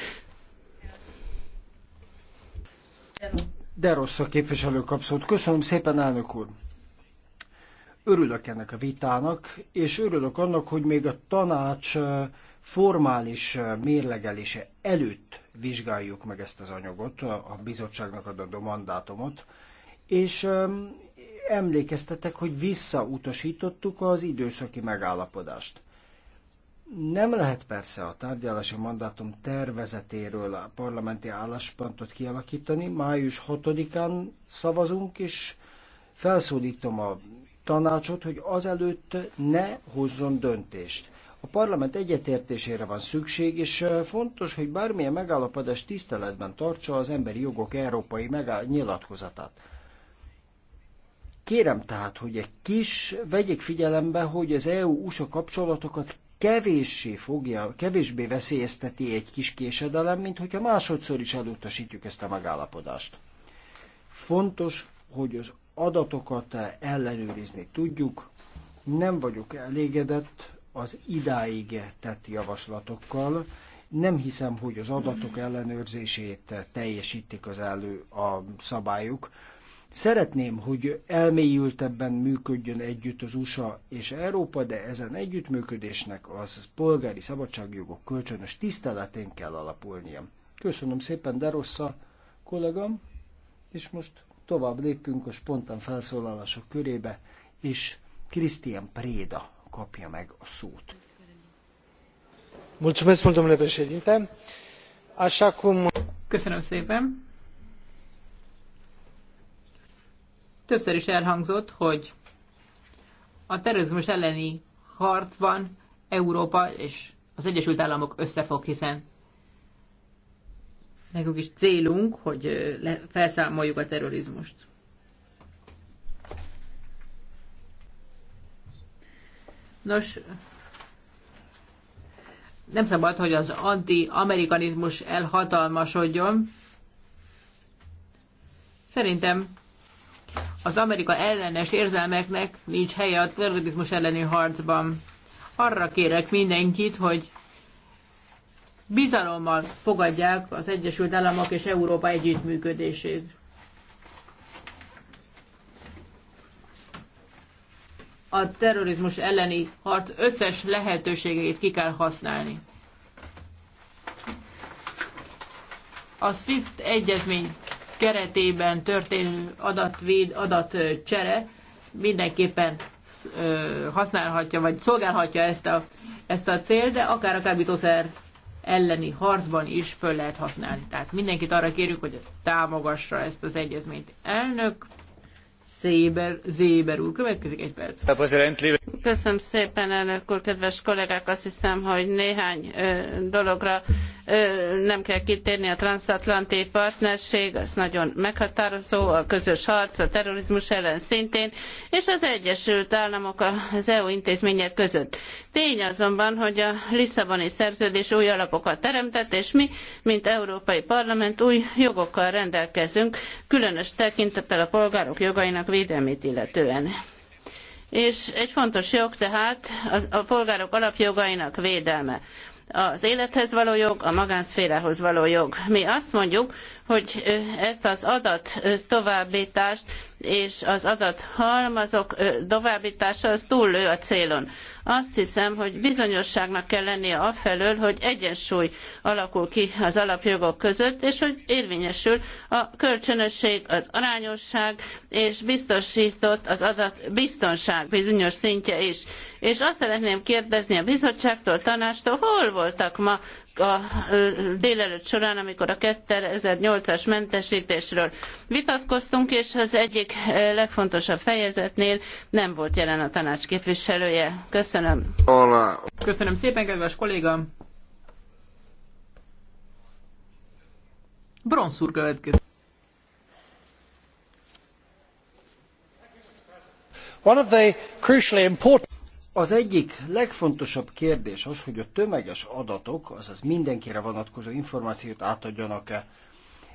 De rossz a képviselő kapszót. Köszönöm szépen, elnök úr. Örülök ennek a vitának, és örülök annak, hogy még a tanács eh, formális eh, mérlegelése előtt vizsgáljuk meg ezt az anyagot, a bizottságnak adandó mandátumot, és emlékeztetek, hogy visszautasítottuk az időszaki megállapodást. Nem lehet persze a tárgyalási mandátum tervezetéről a parlamenti álláspontot kialakítani. Május 6-án szavazunk, és felszólítom a tanácsot, hogy azelőtt ne hozzon döntést. A parlament egyetértésére van szükség, és fontos, hogy bármilyen megállapodás tiszteletben tartsa az emberi jogok európai megáll- nyilatkozatát. Kérem tehát, hogy egy kis, vegyék figyelembe, hogy az EU-USA kapcsolatokat kevéssé fogja, kevésbé veszélyezteti egy kis késedelem, mint hogyha másodszor is elutasítjuk ezt a megállapodást. Fontos, hogy az adatokat ellenőrizni tudjuk. Nem vagyok elégedett az idáig tett javaslatokkal. Nem hiszem, hogy az adatok ellenőrzését teljesítik az elő a szabályok. Szeretném, hogy elmélyültebben működjön együtt az USA és Európa, de ezen együttműködésnek az polgári szabadságjogok kölcsönös tiszteletén kell alapulnia. Köszönöm szépen, Derossa kollégám, és most tovább lépünk a spontán felszólalások körébe, és Krisztián Préda kapja meg a szót. Köszönöm szépen. Többször is elhangzott, hogy a terrorizmus elleni harcban Európa és az Egyesült Államok összefog, hiszen nekünk is célunk, hogy felszámoljuk a terrorizmust. Nos, nem szabad, hogy az anti-amerikanizmus elhatalmasodjon. Szerintem az Amerika ellenes érzelmeknek nincs helye a terrorizmus elleni harcban. Arra kérek mindenkit, hogy bizalommal fogadják az Egyesült Államok és Európa együttműködését. A terrorizmus elleni harc összes lehetőségeit ki kell használni. A SWIFT egyezmény keretében történő adatvéd, adatcsere mindenképpen használhatja, vagy szolgálhatja ezt a, ezt a cél, de akár a kábítószer elleni harcban is föl lehet használni. Tehát mindenkit arra kérjük, hogy ez támogassa ezt az egyezményt. Elnök Zéber, Zéber úr. Következik egy perc. Köszönöm szépen, elnök úr, kedves kollégák. Azt hiszem, hogy néhány ö, dologra ö, nem kell kitérni a transatlanti partnerség, az nagyon meghatározó, a közös harc a terrorizmus ellen szintén, és az Egyesült Államok az EU intézmények között. Tény azonban, hogy a Lisszaboni szerződés új alapokat teremtett, és mi, mint Európai Parlament új jogokkal rendelkezünk, különös tekintettel a polgárok jogainak védelmét illetően. És egy fontos jog tehát a polgárok alapjogainak védelme az élethez való jog, a magánszférához való jog. Mi azt mondjuk, hogy ezt az adat továbbítást és az adathalmazok továbbítása az túllő a célon. Azt hiszem, hogy bizonyosságnak kell lennie afelől, hogy egyensúly alakul ki az alapjogok között, és hogy érvényesül a kölcsönösség, az arányosság, és biztosított az adat biztonság bizonyos szintje is. És azt szeretném kérdezni a bizottságtól, tanástól, hol voltak ma a délelőtt során, amikor a 2008-as mentesítésről vitatkoztunk, és az egyik legfontosabb fejezetnél nem volt jelen a tanács képviselője. Köszönöm. Hola. Köszönöm szépen, kedves kolléga. Bronsz úr következik. One of the crucially important az egyik legfontosabb kérdés az, hogy a tömeges adatok, azaz mindenkire vonatkozó információt átadjanak-e,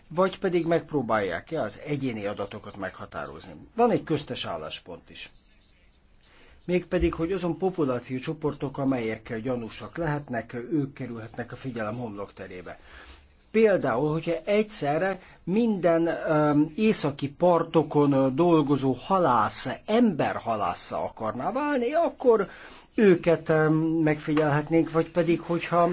vagy pedig megpróbálják-e az egyéni adatokat meghatározni. Van egy köztes álláspont is. Mégpedig, hogy azon csoportok, amelyekkel gyanúsak lehetnek, ők kerülhetnek a figyelem homlokterébe. Például, hogyha egyszerre minden um, északi partokon uh, dolgozó halász emberhalásza akarná válni, akkor őket um, megfigyelhetnénk, vagy pedig, hogyha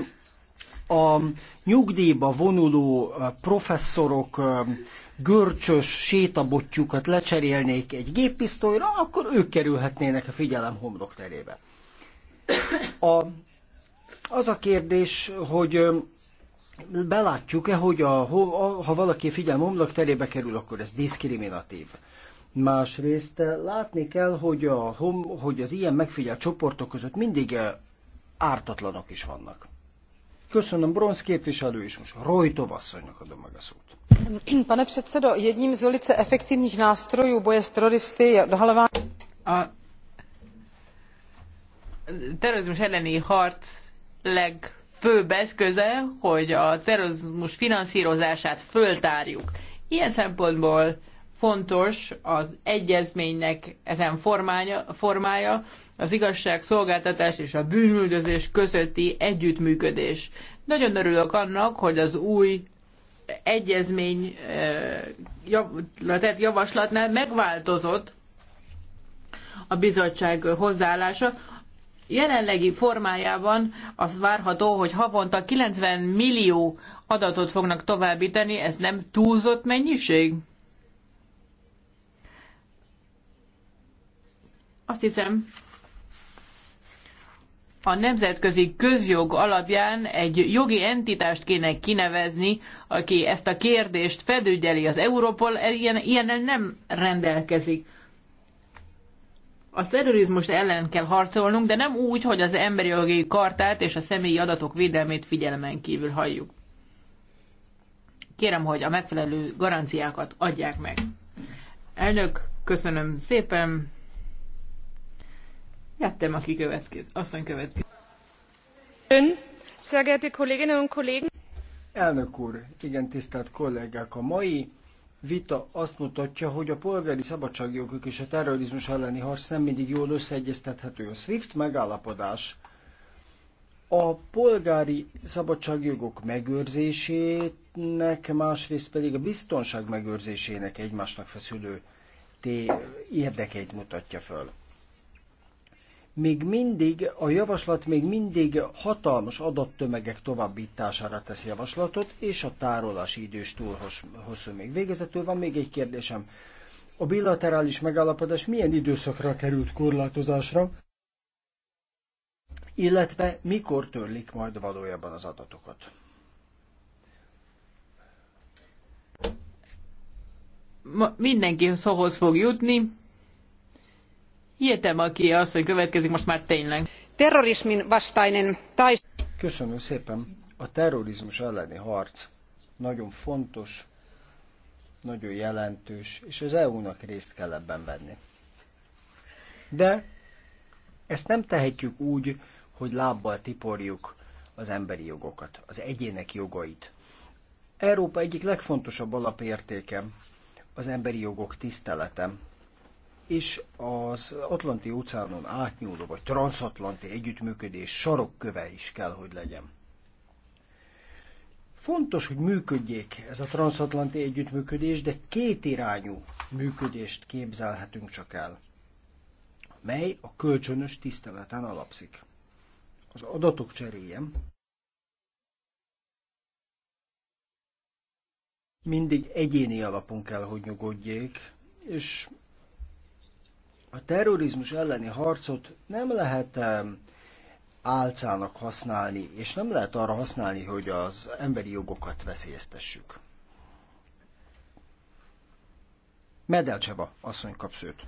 a nyugdíjba vonuló uh, professzorok um, görcsös sétabotjukat lecserélnék egy géppisztolyra, akkor ők kerülhetnének a figyelem homlok terébe. A, az a kérdés, hogy um, belátjuk-e, hogy a, ha valaki figyel homlok terébe kerül, akkor ez diszkriminatív. Másrészt eh, látni kell, hogy, a, hogy az ilyen megfigyelt csoportok között mindig eh, ártatlanok is vannak. Köszönöm Bronz képviselő, is most Rojtov asszonynak adom meg a szót. Pane předsedo, jedním z velice efektivních nástrojů boje s teroristy je dohalování... A terrorizmus elleni harc leg főbb eszköze, hogy a terrorizmus finanszírozását föltárjuk. Ilyen szempontból fontos az egyezménynek ezen formája, formája az igazságszolgáltatás és a bűnüldözés közötti együttműködés. Nagyon örülök annak, hogy az új egyezmény eh, tehát javaslatnál megváltozott a bizottság hozzáállása jelenlegi formájában az várható, hogy havonta 90 millió adatot fognak továbbítani, ez nem túlzott mennyiség? Azt hiszem, a nemzetközi közjog alapján egy jogi entitást kéne kinevezni, aki ezt a kérdést felügyeli. Az Európol, ilyen, ilyen nem rendelkezik a terrorizmus ellen kell harcolnunk, de nem úgy, hogy az emberi jogi kartát és a személyi adatok védelmét figyelmen kívül hagyjuk. Kérem, hogy a megfelelő garanciákat adják meg. Elnök, köszönöm szépen. Jettem, aki következő. Asszony következik. Ön, sehr geehrte Kolleginnen und Elnök úr, igen tisztelt kollégák, a mai vita azt mutatja, hogy a polgári szabadságjogok és a terrorizmus elleni harc nem mindig jól összeegyeztethető. A SWIFT megállapodás a polgári szabadságjogok megőrzésének, másrészt pedig a biztonság megőrzésének egymásnak feszülő érdekeit mutatja föl még mindig, a javaslat még mindig hatalmas adattömegek továbbítására tesz javaslatot, és a tárolási idős túl hosszú még. Végezetül van még egy kérdésem. A bilaterális megállapodás milyen időszakra került korlátozásra, illetve mikor törlik majd valójában az adatokat? Ma mindenki szóhoz fog jutni, Jetem, aki az, hogy következik most már tényleg. Terrorizmin vastainen taj... Köszönöm szépen. A terrorizmus elleni harc nagyon fontos, nagyon jelentős, és az EU-nak részt kell ebben venni. De ezt nem tehetjük úgy, hogy lábbal tiporjuk az emberi jogokat, az egyének jogait. Európa egyik legfontosabb alapértéke az emberi jogok tiszteletem, és az Atlanti óceánon átnyúló vagy transatlanti együttműködés sarokköve is kell, hogy legyen. Fontos, hogy működjék ez a transatlanti együttműködés, de kétirányú működést képzelhetünk csak el, mely a kölcsönös tiszteleten alapszik. Az adatok cseréje mindig egyéni alapon kell, hogy nyugodjék, és a terrorizmus elleni harcot nem lehet álcának használni, és nem lehet arra használni, hogy az emberi jogokat veszélyeztessük. Medelcseva asszony kapszőt.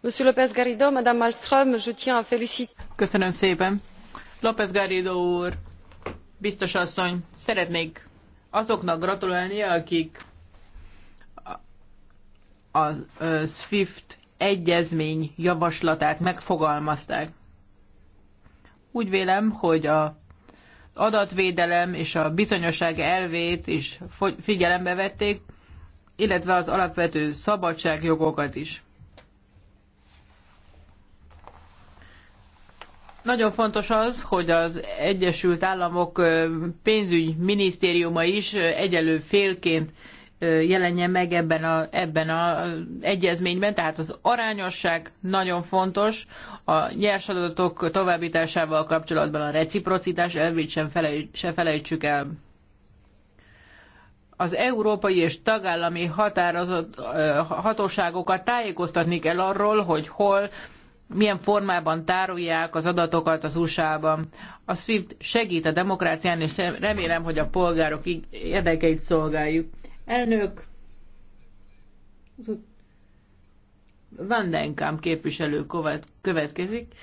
Monsieur López Garrido, Madame Malmström, je tiens à féliciter. Köszönöm szépen. López Garrido úr, biztos asszony, szeretnék azoknak gratulálni, akik a, a, a SWIFT egyezmény javaslatát megfogalmazták. Úgy vélem, hogy a adatvédelem és a bizonyosság elvét is figyelembe vették, illetve az alapvető szabadságjogokat is. Nagyon fontos az, hogy az Egyesült Államok pénzügyminisztériuma is egyelő félként jelenjen meg ebben a, ebben a egyezményben, tehát az arányosság nagyon fontos, a nyers adatok továbbításával kapcsolatban a reciprocitás elvét sem felejt, se felejtsük el. Az európai és tagállami határozott hatóságokat tájékoztatni kell arról, hogy hol, milyen formában tárolják az adatokat az USA-ban. A SWIFT segít a demokrácián, és remélem, hogy a polgárok érdekeit szolgáljuk. Elnök, ott Vandenkám képviselő következik,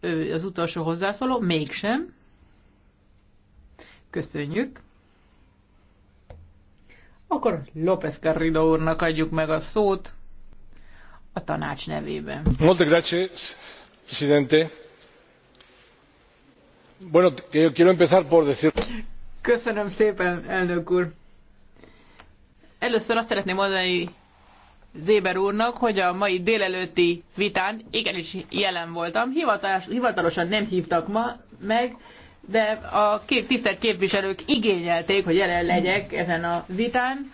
ő az utolsó hozzászóló, mégsem. Köszönjük. Akkor López Garrido úrnak adjuk meg a szót a tanács nevében. Molte grazie, presidente. Bueno, quiero empezar por decir... Köszönöm szépen, elnök úr. Először azt szeretném mondani Zéber úrnak, hogy a mai délelőtti vitán igenis jelen voltam. Hivatalos, hivatalosan nem hívtak ma meg, de a kép, tisztelt képviselők igényelték, hogy jelen legyek ezen a vitán,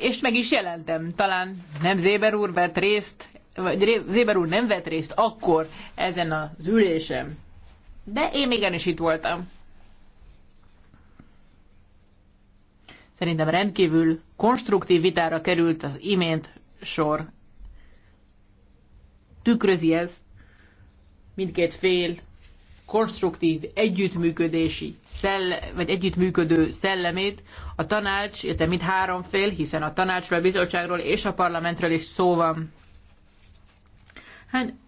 és meg is jelentem. Talán nem Zéber úr vett részt, vagy Zéber úr nem vett részt akkor ezen az ülésem. De én igenis itt voltam. Szerintem rendkívül konstruktív vitára került az imént sor. Tükrözi ezt mindkét fél konstruktív együttműködési szell- vagy együttműködő szellemét a tanács, illetve mind három fél, hiszen a tanácsról, a bizottságról és a parlamentről is szó van.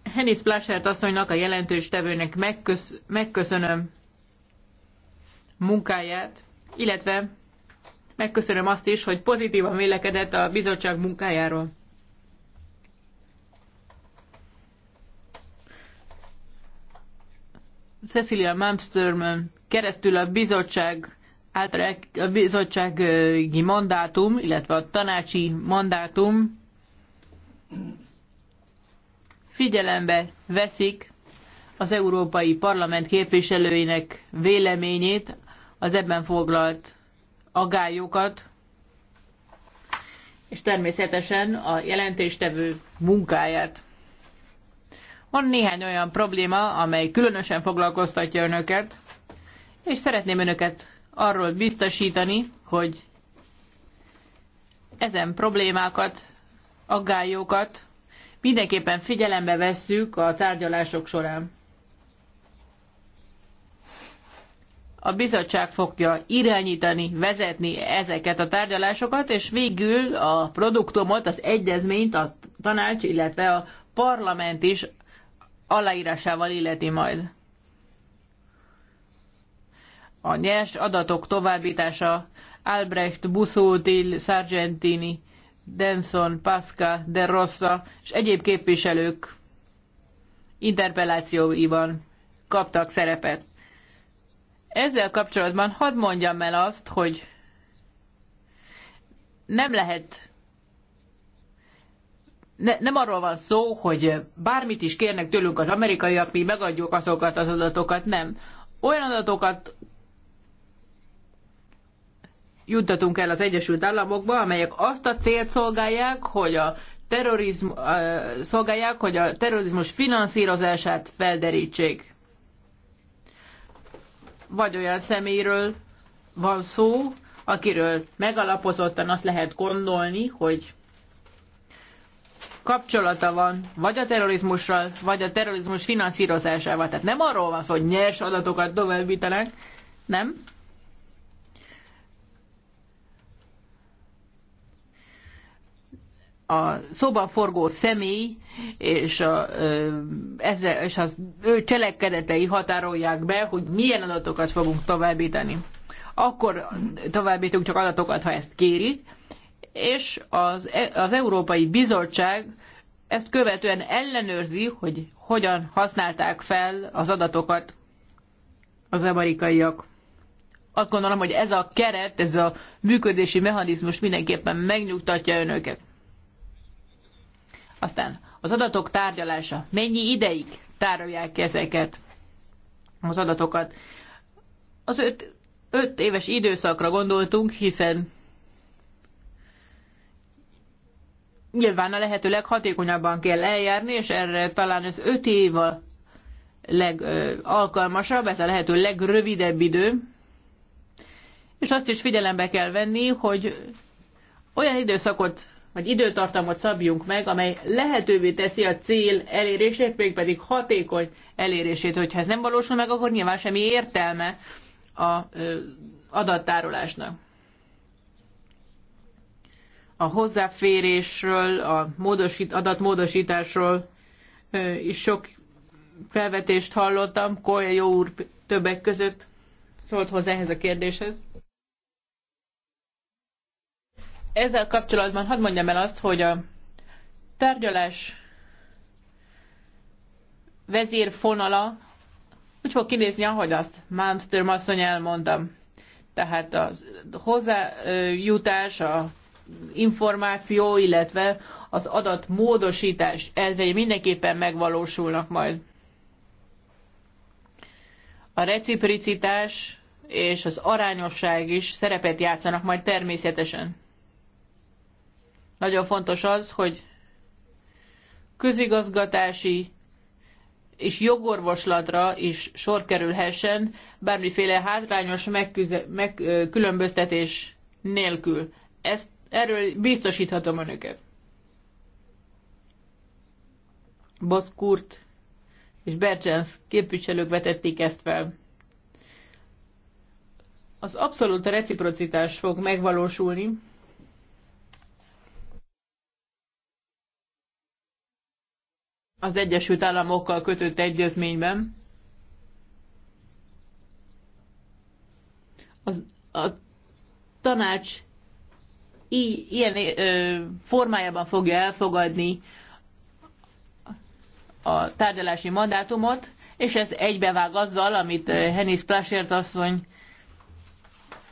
Henis Plaschert asszonynak, a jelentős tevőnek megkösz, megköszönöm munkáját, illetve Megköszönöm azt is, hogy pozitívan vélekedett a bizottság munkájáról. Cecilia Malmström keresztül a bizottság által a bizottsági mandátum, illetve a tanácsi mandátum figyelembe veszik az Európai Parlament képviselőinek véleményét az ebben foglalt aggályokat, és természetesen a jelentéstevő munkáját. Van néhány olyan probléma, amely különösen foglalkoztatja önöket, és szeretném önöket arról biztosítani, hogy ezen problémákat, aggályokat mindenképpen figyelembe vesszük a tárgyalások során. a bizottság fogja irányítani, vezetni ezeket a tárgyalásokat, és végül a produktumot, az egyezményt a tanács, illetve a parlament is aláírásával illeti majd. A nyers adatok továbbítása Albrecht, Buszótil, Sargentini, Denson, Pasca, De Rossa és egyéb képviselők interpellációiban kaptak szerepet. Ezzel kapcsolatban hadd mondjam el azt, hogy nem lehet ne, nem arról van szó, hogy bármit is kérnek tőlünk az amerikaiak, mi megadjuk azokat az adatokat, nem. Olyan adatokat juttatunk el az Egyesült Államokba, amelyek azt a célt szolgálják, hogy a terrorizmus, szolgálják, hogy a terrorizmus finanszírozását felderítsék vagy olyan személyről van szó, akiről megalapozottan azt lehet gondolni, hogy kapcsolata van vagy a terrorizmussal, vagy a terrorizmus finanszírozásával. Tehát nem arról van szó, hogy nyers adatokat továbbítanak, nem, a szóban forgó személy és, a, ezzel, és az ő cselekedetei határolják be, hogy milyen adatokat fogunk továbbítani. Akkor továbbítunk csak adatokat, ha ezt kérik, és az, e, az Európai Bizottság ezt követően ellenőrzi, hogy hogyan használták fel az adatokat az amerikaiak. Azt gondolom, hogy ez a keret, ez a működési mechanizmus mindenképpen megnyugtatja önöket. Aztán az adatok tárgyalása. Mennyi ideig tárolják ezeket az adatokat? Az öt, öt éves időszakra gondoltunk, hiszen nyilván a lehető leghatékonyabban kell eljárni, és erre talán az öt év a legalkalmasabb, ez a lehető legrövidebb idő. És azt is figyelembe kell venni, hogy olyan időszakot vagy időtartamot szabjunk meg, amely lehetővé teszi a cél elérését, mégpedig hatékony elérését. Hogyha ez nem valósul meg, akkor nyilván semmi értelme a adattárolásnak. A hozzáférésről, a módosít, adatmódosításról is sok felvetést hallottam. Kolja jó úr többek között szólt hozzá ehhez a kérdéshez. ezzel kapcsolatban hadd mondjam el azt, hogy a tárgyalás vezérfonala úgy fog kinézni, ahogy azt Malmström asszony elmondtam. Tehát a hozzájutás, a információ, illetve az adat módosítás elvei mindenképpen megvalósulnak majd. A reciprocitás és az arányosság is szerepet játszanak majd természetesen. Nagyon fontos az, hogy közigazgatási és jogorvoslatra is sor kerülhessen bármiféle hátrányos megkülönböztetés nélkül. Ezt, erről biztosíthatom önöket. Boszkurt és Bercsens képviselők vetették ezt fel. Az abszolút reciprocitás fog megvalósulni, az Egyesült Államokkal kötött egyezményben az, a tanács így, ilyen ö, formájában fogja elfogadni a tárgyalási mandátumot, és ez egybevág azzal, amit Henis Plasért asszony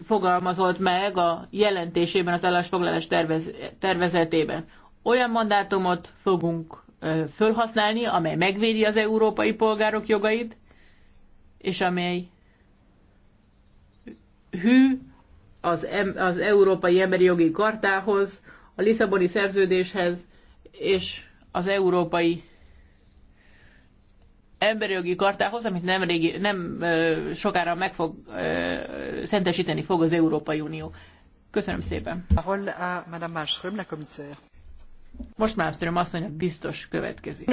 fogalmazott meg a jelentésében, az állásfoglalás tervez, tervezetében. Olyan mandátumot fogunk fölhasználni, amely megvédi az európai polgárok jogait, és amely hű az, az Európai Emberi Jogi Kartához, a Lisszaboni Szerződéshez és az Európai Emberi Jogi Kartához, amit nem, régi, nem ö, sokára meg fog ö, szentesíteni fog az Európai Unió. Köszönöm szépen. Madame Malmström, la commissaire. Most már Abszolom azt mondja, biztos következik.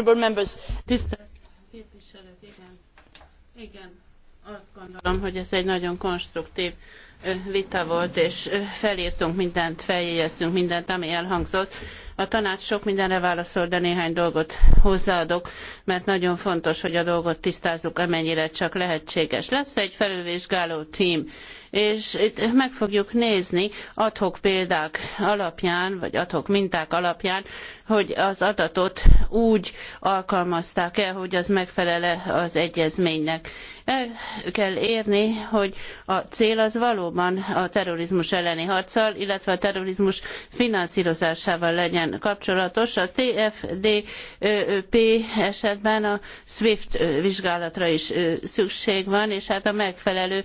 Tisztelt képviselők, igen. Igen, azt gondolom, hogy ez egy nagyon konstruktív vita volt, és felírtunk mindent, feljegyeztünk mindent, ami elhangzott. A tanács sok mindenre válaszol, de néhány dolgot hozzáadok, mert nagyon fontos, hogy a dolgot tisztázzuk, amennyire csak lehetséges. Lesz egy felülvizsgáló tím, és itt meg fogjuk nézni adhok példák alapján, vagy adhok minták alapján, hogy az adatot úgy alkalmazták-e, hogy az megfelele az egyezménynek el kell érni, hogy a cél az valóban a terrorizmus elleni harccal, illetve a terrorizmus finanszírozásával legyen kapcsolatos. A TFDP esetben a SWIFT vizsgálatra is szükség van, és hát a megfelelő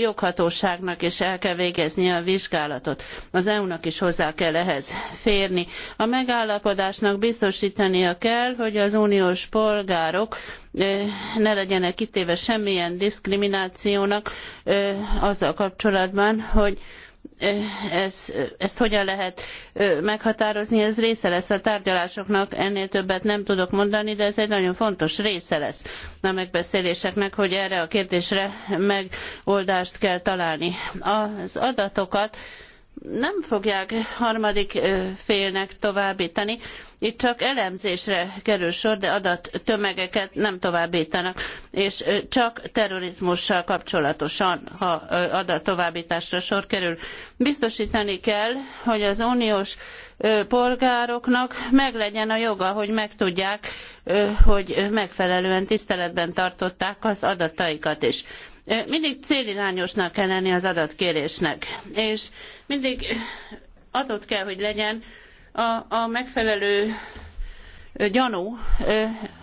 joghatóságnak is el kell végezni a vizsgálatot. Az EU-nak is hozzá kell ehhez férni. A megállapodásnak biztosítania kell, hogy az uniós polgárok ne legyenek kitéve semmilyen diszkriminációnak azzal kapcsolatban, hogy ez, ezt hogyan lehet meghatározni, ez része lesz a tárgyalásoknak, ennél többet nem tudok mondani, de ez egy nagyon fontos része lesz a megbeszéléseknek, hogy erre a kérdésre megoldást kell találni. Az adatokat nem fogják harmadik félnek továbbítani, itt csak elemzésre kerül sor, de adattömegeket nem továbbítanak, és csak terrorizmussal kapcsolatosan, ha adattovábbításra sor kerül. Biztosítani kell, hogy az uniós polgároknak meglegyen a joga, hogy megtudják, hogy megfelelően tiszteletben tartották az adataikat is mindig célirányosnak kell lenni az adatkérésnek, és mindig adott kell, hogy legyen a, a megfelelő gyanú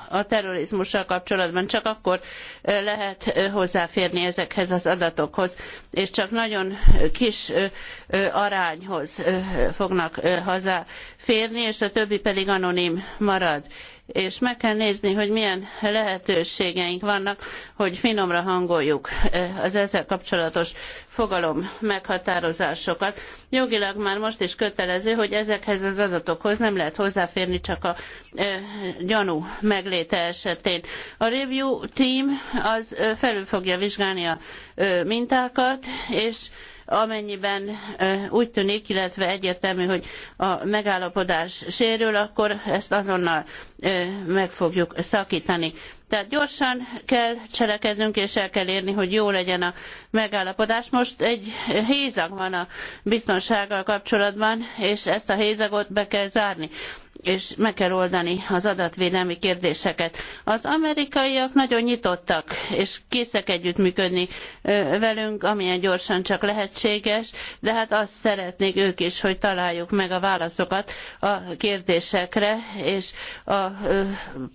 a terrorizmussal kapcsolatban csak akkor lehet hozzáférni ezekhez az adatokhoz, és csak nagyon kis arányhoz fognak hozzáférni, és a többi pedig anonim marad és meg kell nézni, hogy milyen lehetőségeink vannak, hogy finomra hangoljuk eh, az ezzel kapcsolatos fogalom meghatározásokat. Jogilag már most is kötelező, hogy ezekhez az adatokhoz nem lehet hozzáférni csak a eh, gyanú megléte esetén. A review team az eh, felül fogja vizsgálni a mintákat, és amennyiben úgy tűnik, illetve egyértelmű, hogy a megállapodás sérül, akkor ezt azonnal meg fogjuk szakítani. Tehát gyorsan kell cselekednünk, és el kell érni, hogy jó legyen a megállapodás. Most egy hézag van a biztonsággal kapcsolatban, és ezt a hézagot be kell zárni és meg kell oldani az adatvédelmi kérdéseket. Az amerikaiak nagyon nyitottak, és készek együttműködni velünk, amilyen gyorsan csak lehetséges, de hát azt szeretnék ők is, hogy találjuk meg a válaszokat a kérdésekre, és a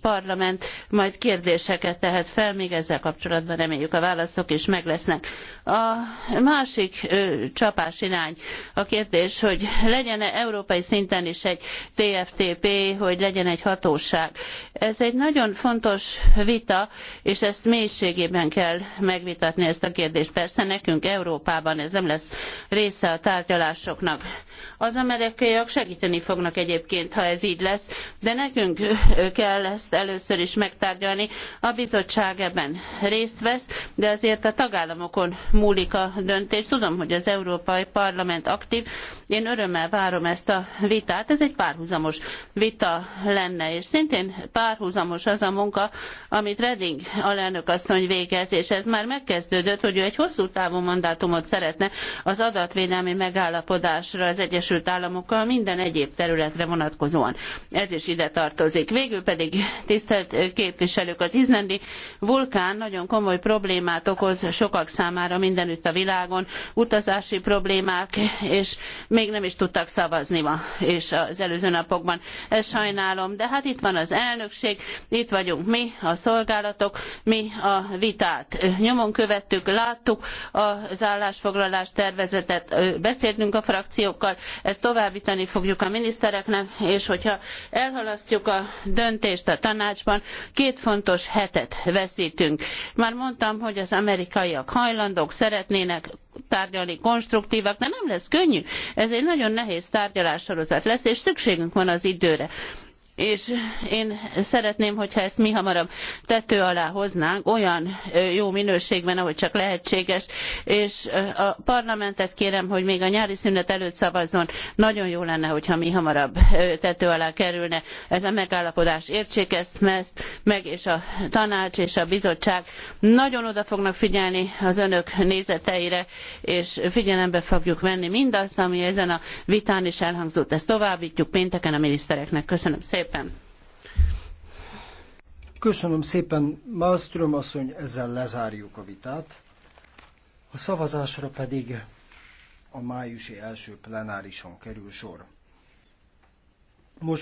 parlament majd kérdéseket tehet fel, még ezzel kapcsolatban reméljük a válaszok is meg lesznek. A másik csapás irány a kérdés, hogy legyen-e európai szinten is egy TFT EPP, hogy legyen egy hatóság. Ez egy nagyon fontos vita, és ezt mélységében kell megvitatni ezt a kérdést. Persze nekünk Európában ez nem lesz része a tárgyalásoknak az amerikaiak segíteni fognak egyébként, ha ez így lesz, de nekünk kell ezt először is megtárgyalni. A bizottság ebben részt vesz, de azért a tagállamokon múlik a döntés. Tudom, hogy az Európai Parlament aktív. Én örömmel várom ezt a vitát. Ez egy párhuzamos vita lenne, és szintén párhuzamos az a munka, amit Reding alelnök asszony végez, és ez már megkezdődött, hogy ő egy hosszú távú mandátumot szeretne az adatvédelmi megállapodásra az egy Egyesült Államokkal minden egyéb területre vonatkozóan. Ez is ide tartozik. Végül pedig, tisztelt képviselők, az izlandi vulkán nagyon komoly problémát okoz sokak számára mindenütt a világon, utazási problémák, és még nem is tudtak szavazni ma, és az előző napokban. Ezt sajnálom, de hát itt van az elnökség, itt vagyunk mi, a szolgálatok, mi a vitát. Nyomon követtük, láttuk az állásfoglalás tervezetet, beszéltünk a frakciókkal, bizottsággal, ezt továbbítani fogjuk a minisztereknek, és hogyha elhalasztjuk a döntést a tanácsban, két fontos hetet veszítünk. Már mondtam, hogy az amerikaiak hajlandók, szeretnének tárgyalni, konstruktívak, de nem lesz könnyű. Ez egy nagyon nehéz tárgyalássorozat lesz, és szükségünk van az időre és én szeretném, hogyha ezt mi hamarabb tető alá hoznánk, olyan jó minőségben, ahogy csak lehetséges, és a parlamentet kérem, hogy még a nyári szünet előtt szavazzon. Nagyon jó lenne, hogyha mi hamarabb tető alá kerülne ez a megállapodás. Értsék ezt, ezt meg, és a tanács és a bizottság nagyon oda fognak figyelni az önök nézeteire, és figyelembe fogjuk venni mindazt, ami ezen a vitán is elhangzott. Ezt továbbítjuk pénteken a minisztereknek. Köszönöm szépen szépen! Köszönöm szépen, Malmström asszony, ezzel lezárjuk a vitát. A szavazásra pedig a májusi első plenárison kerül sor.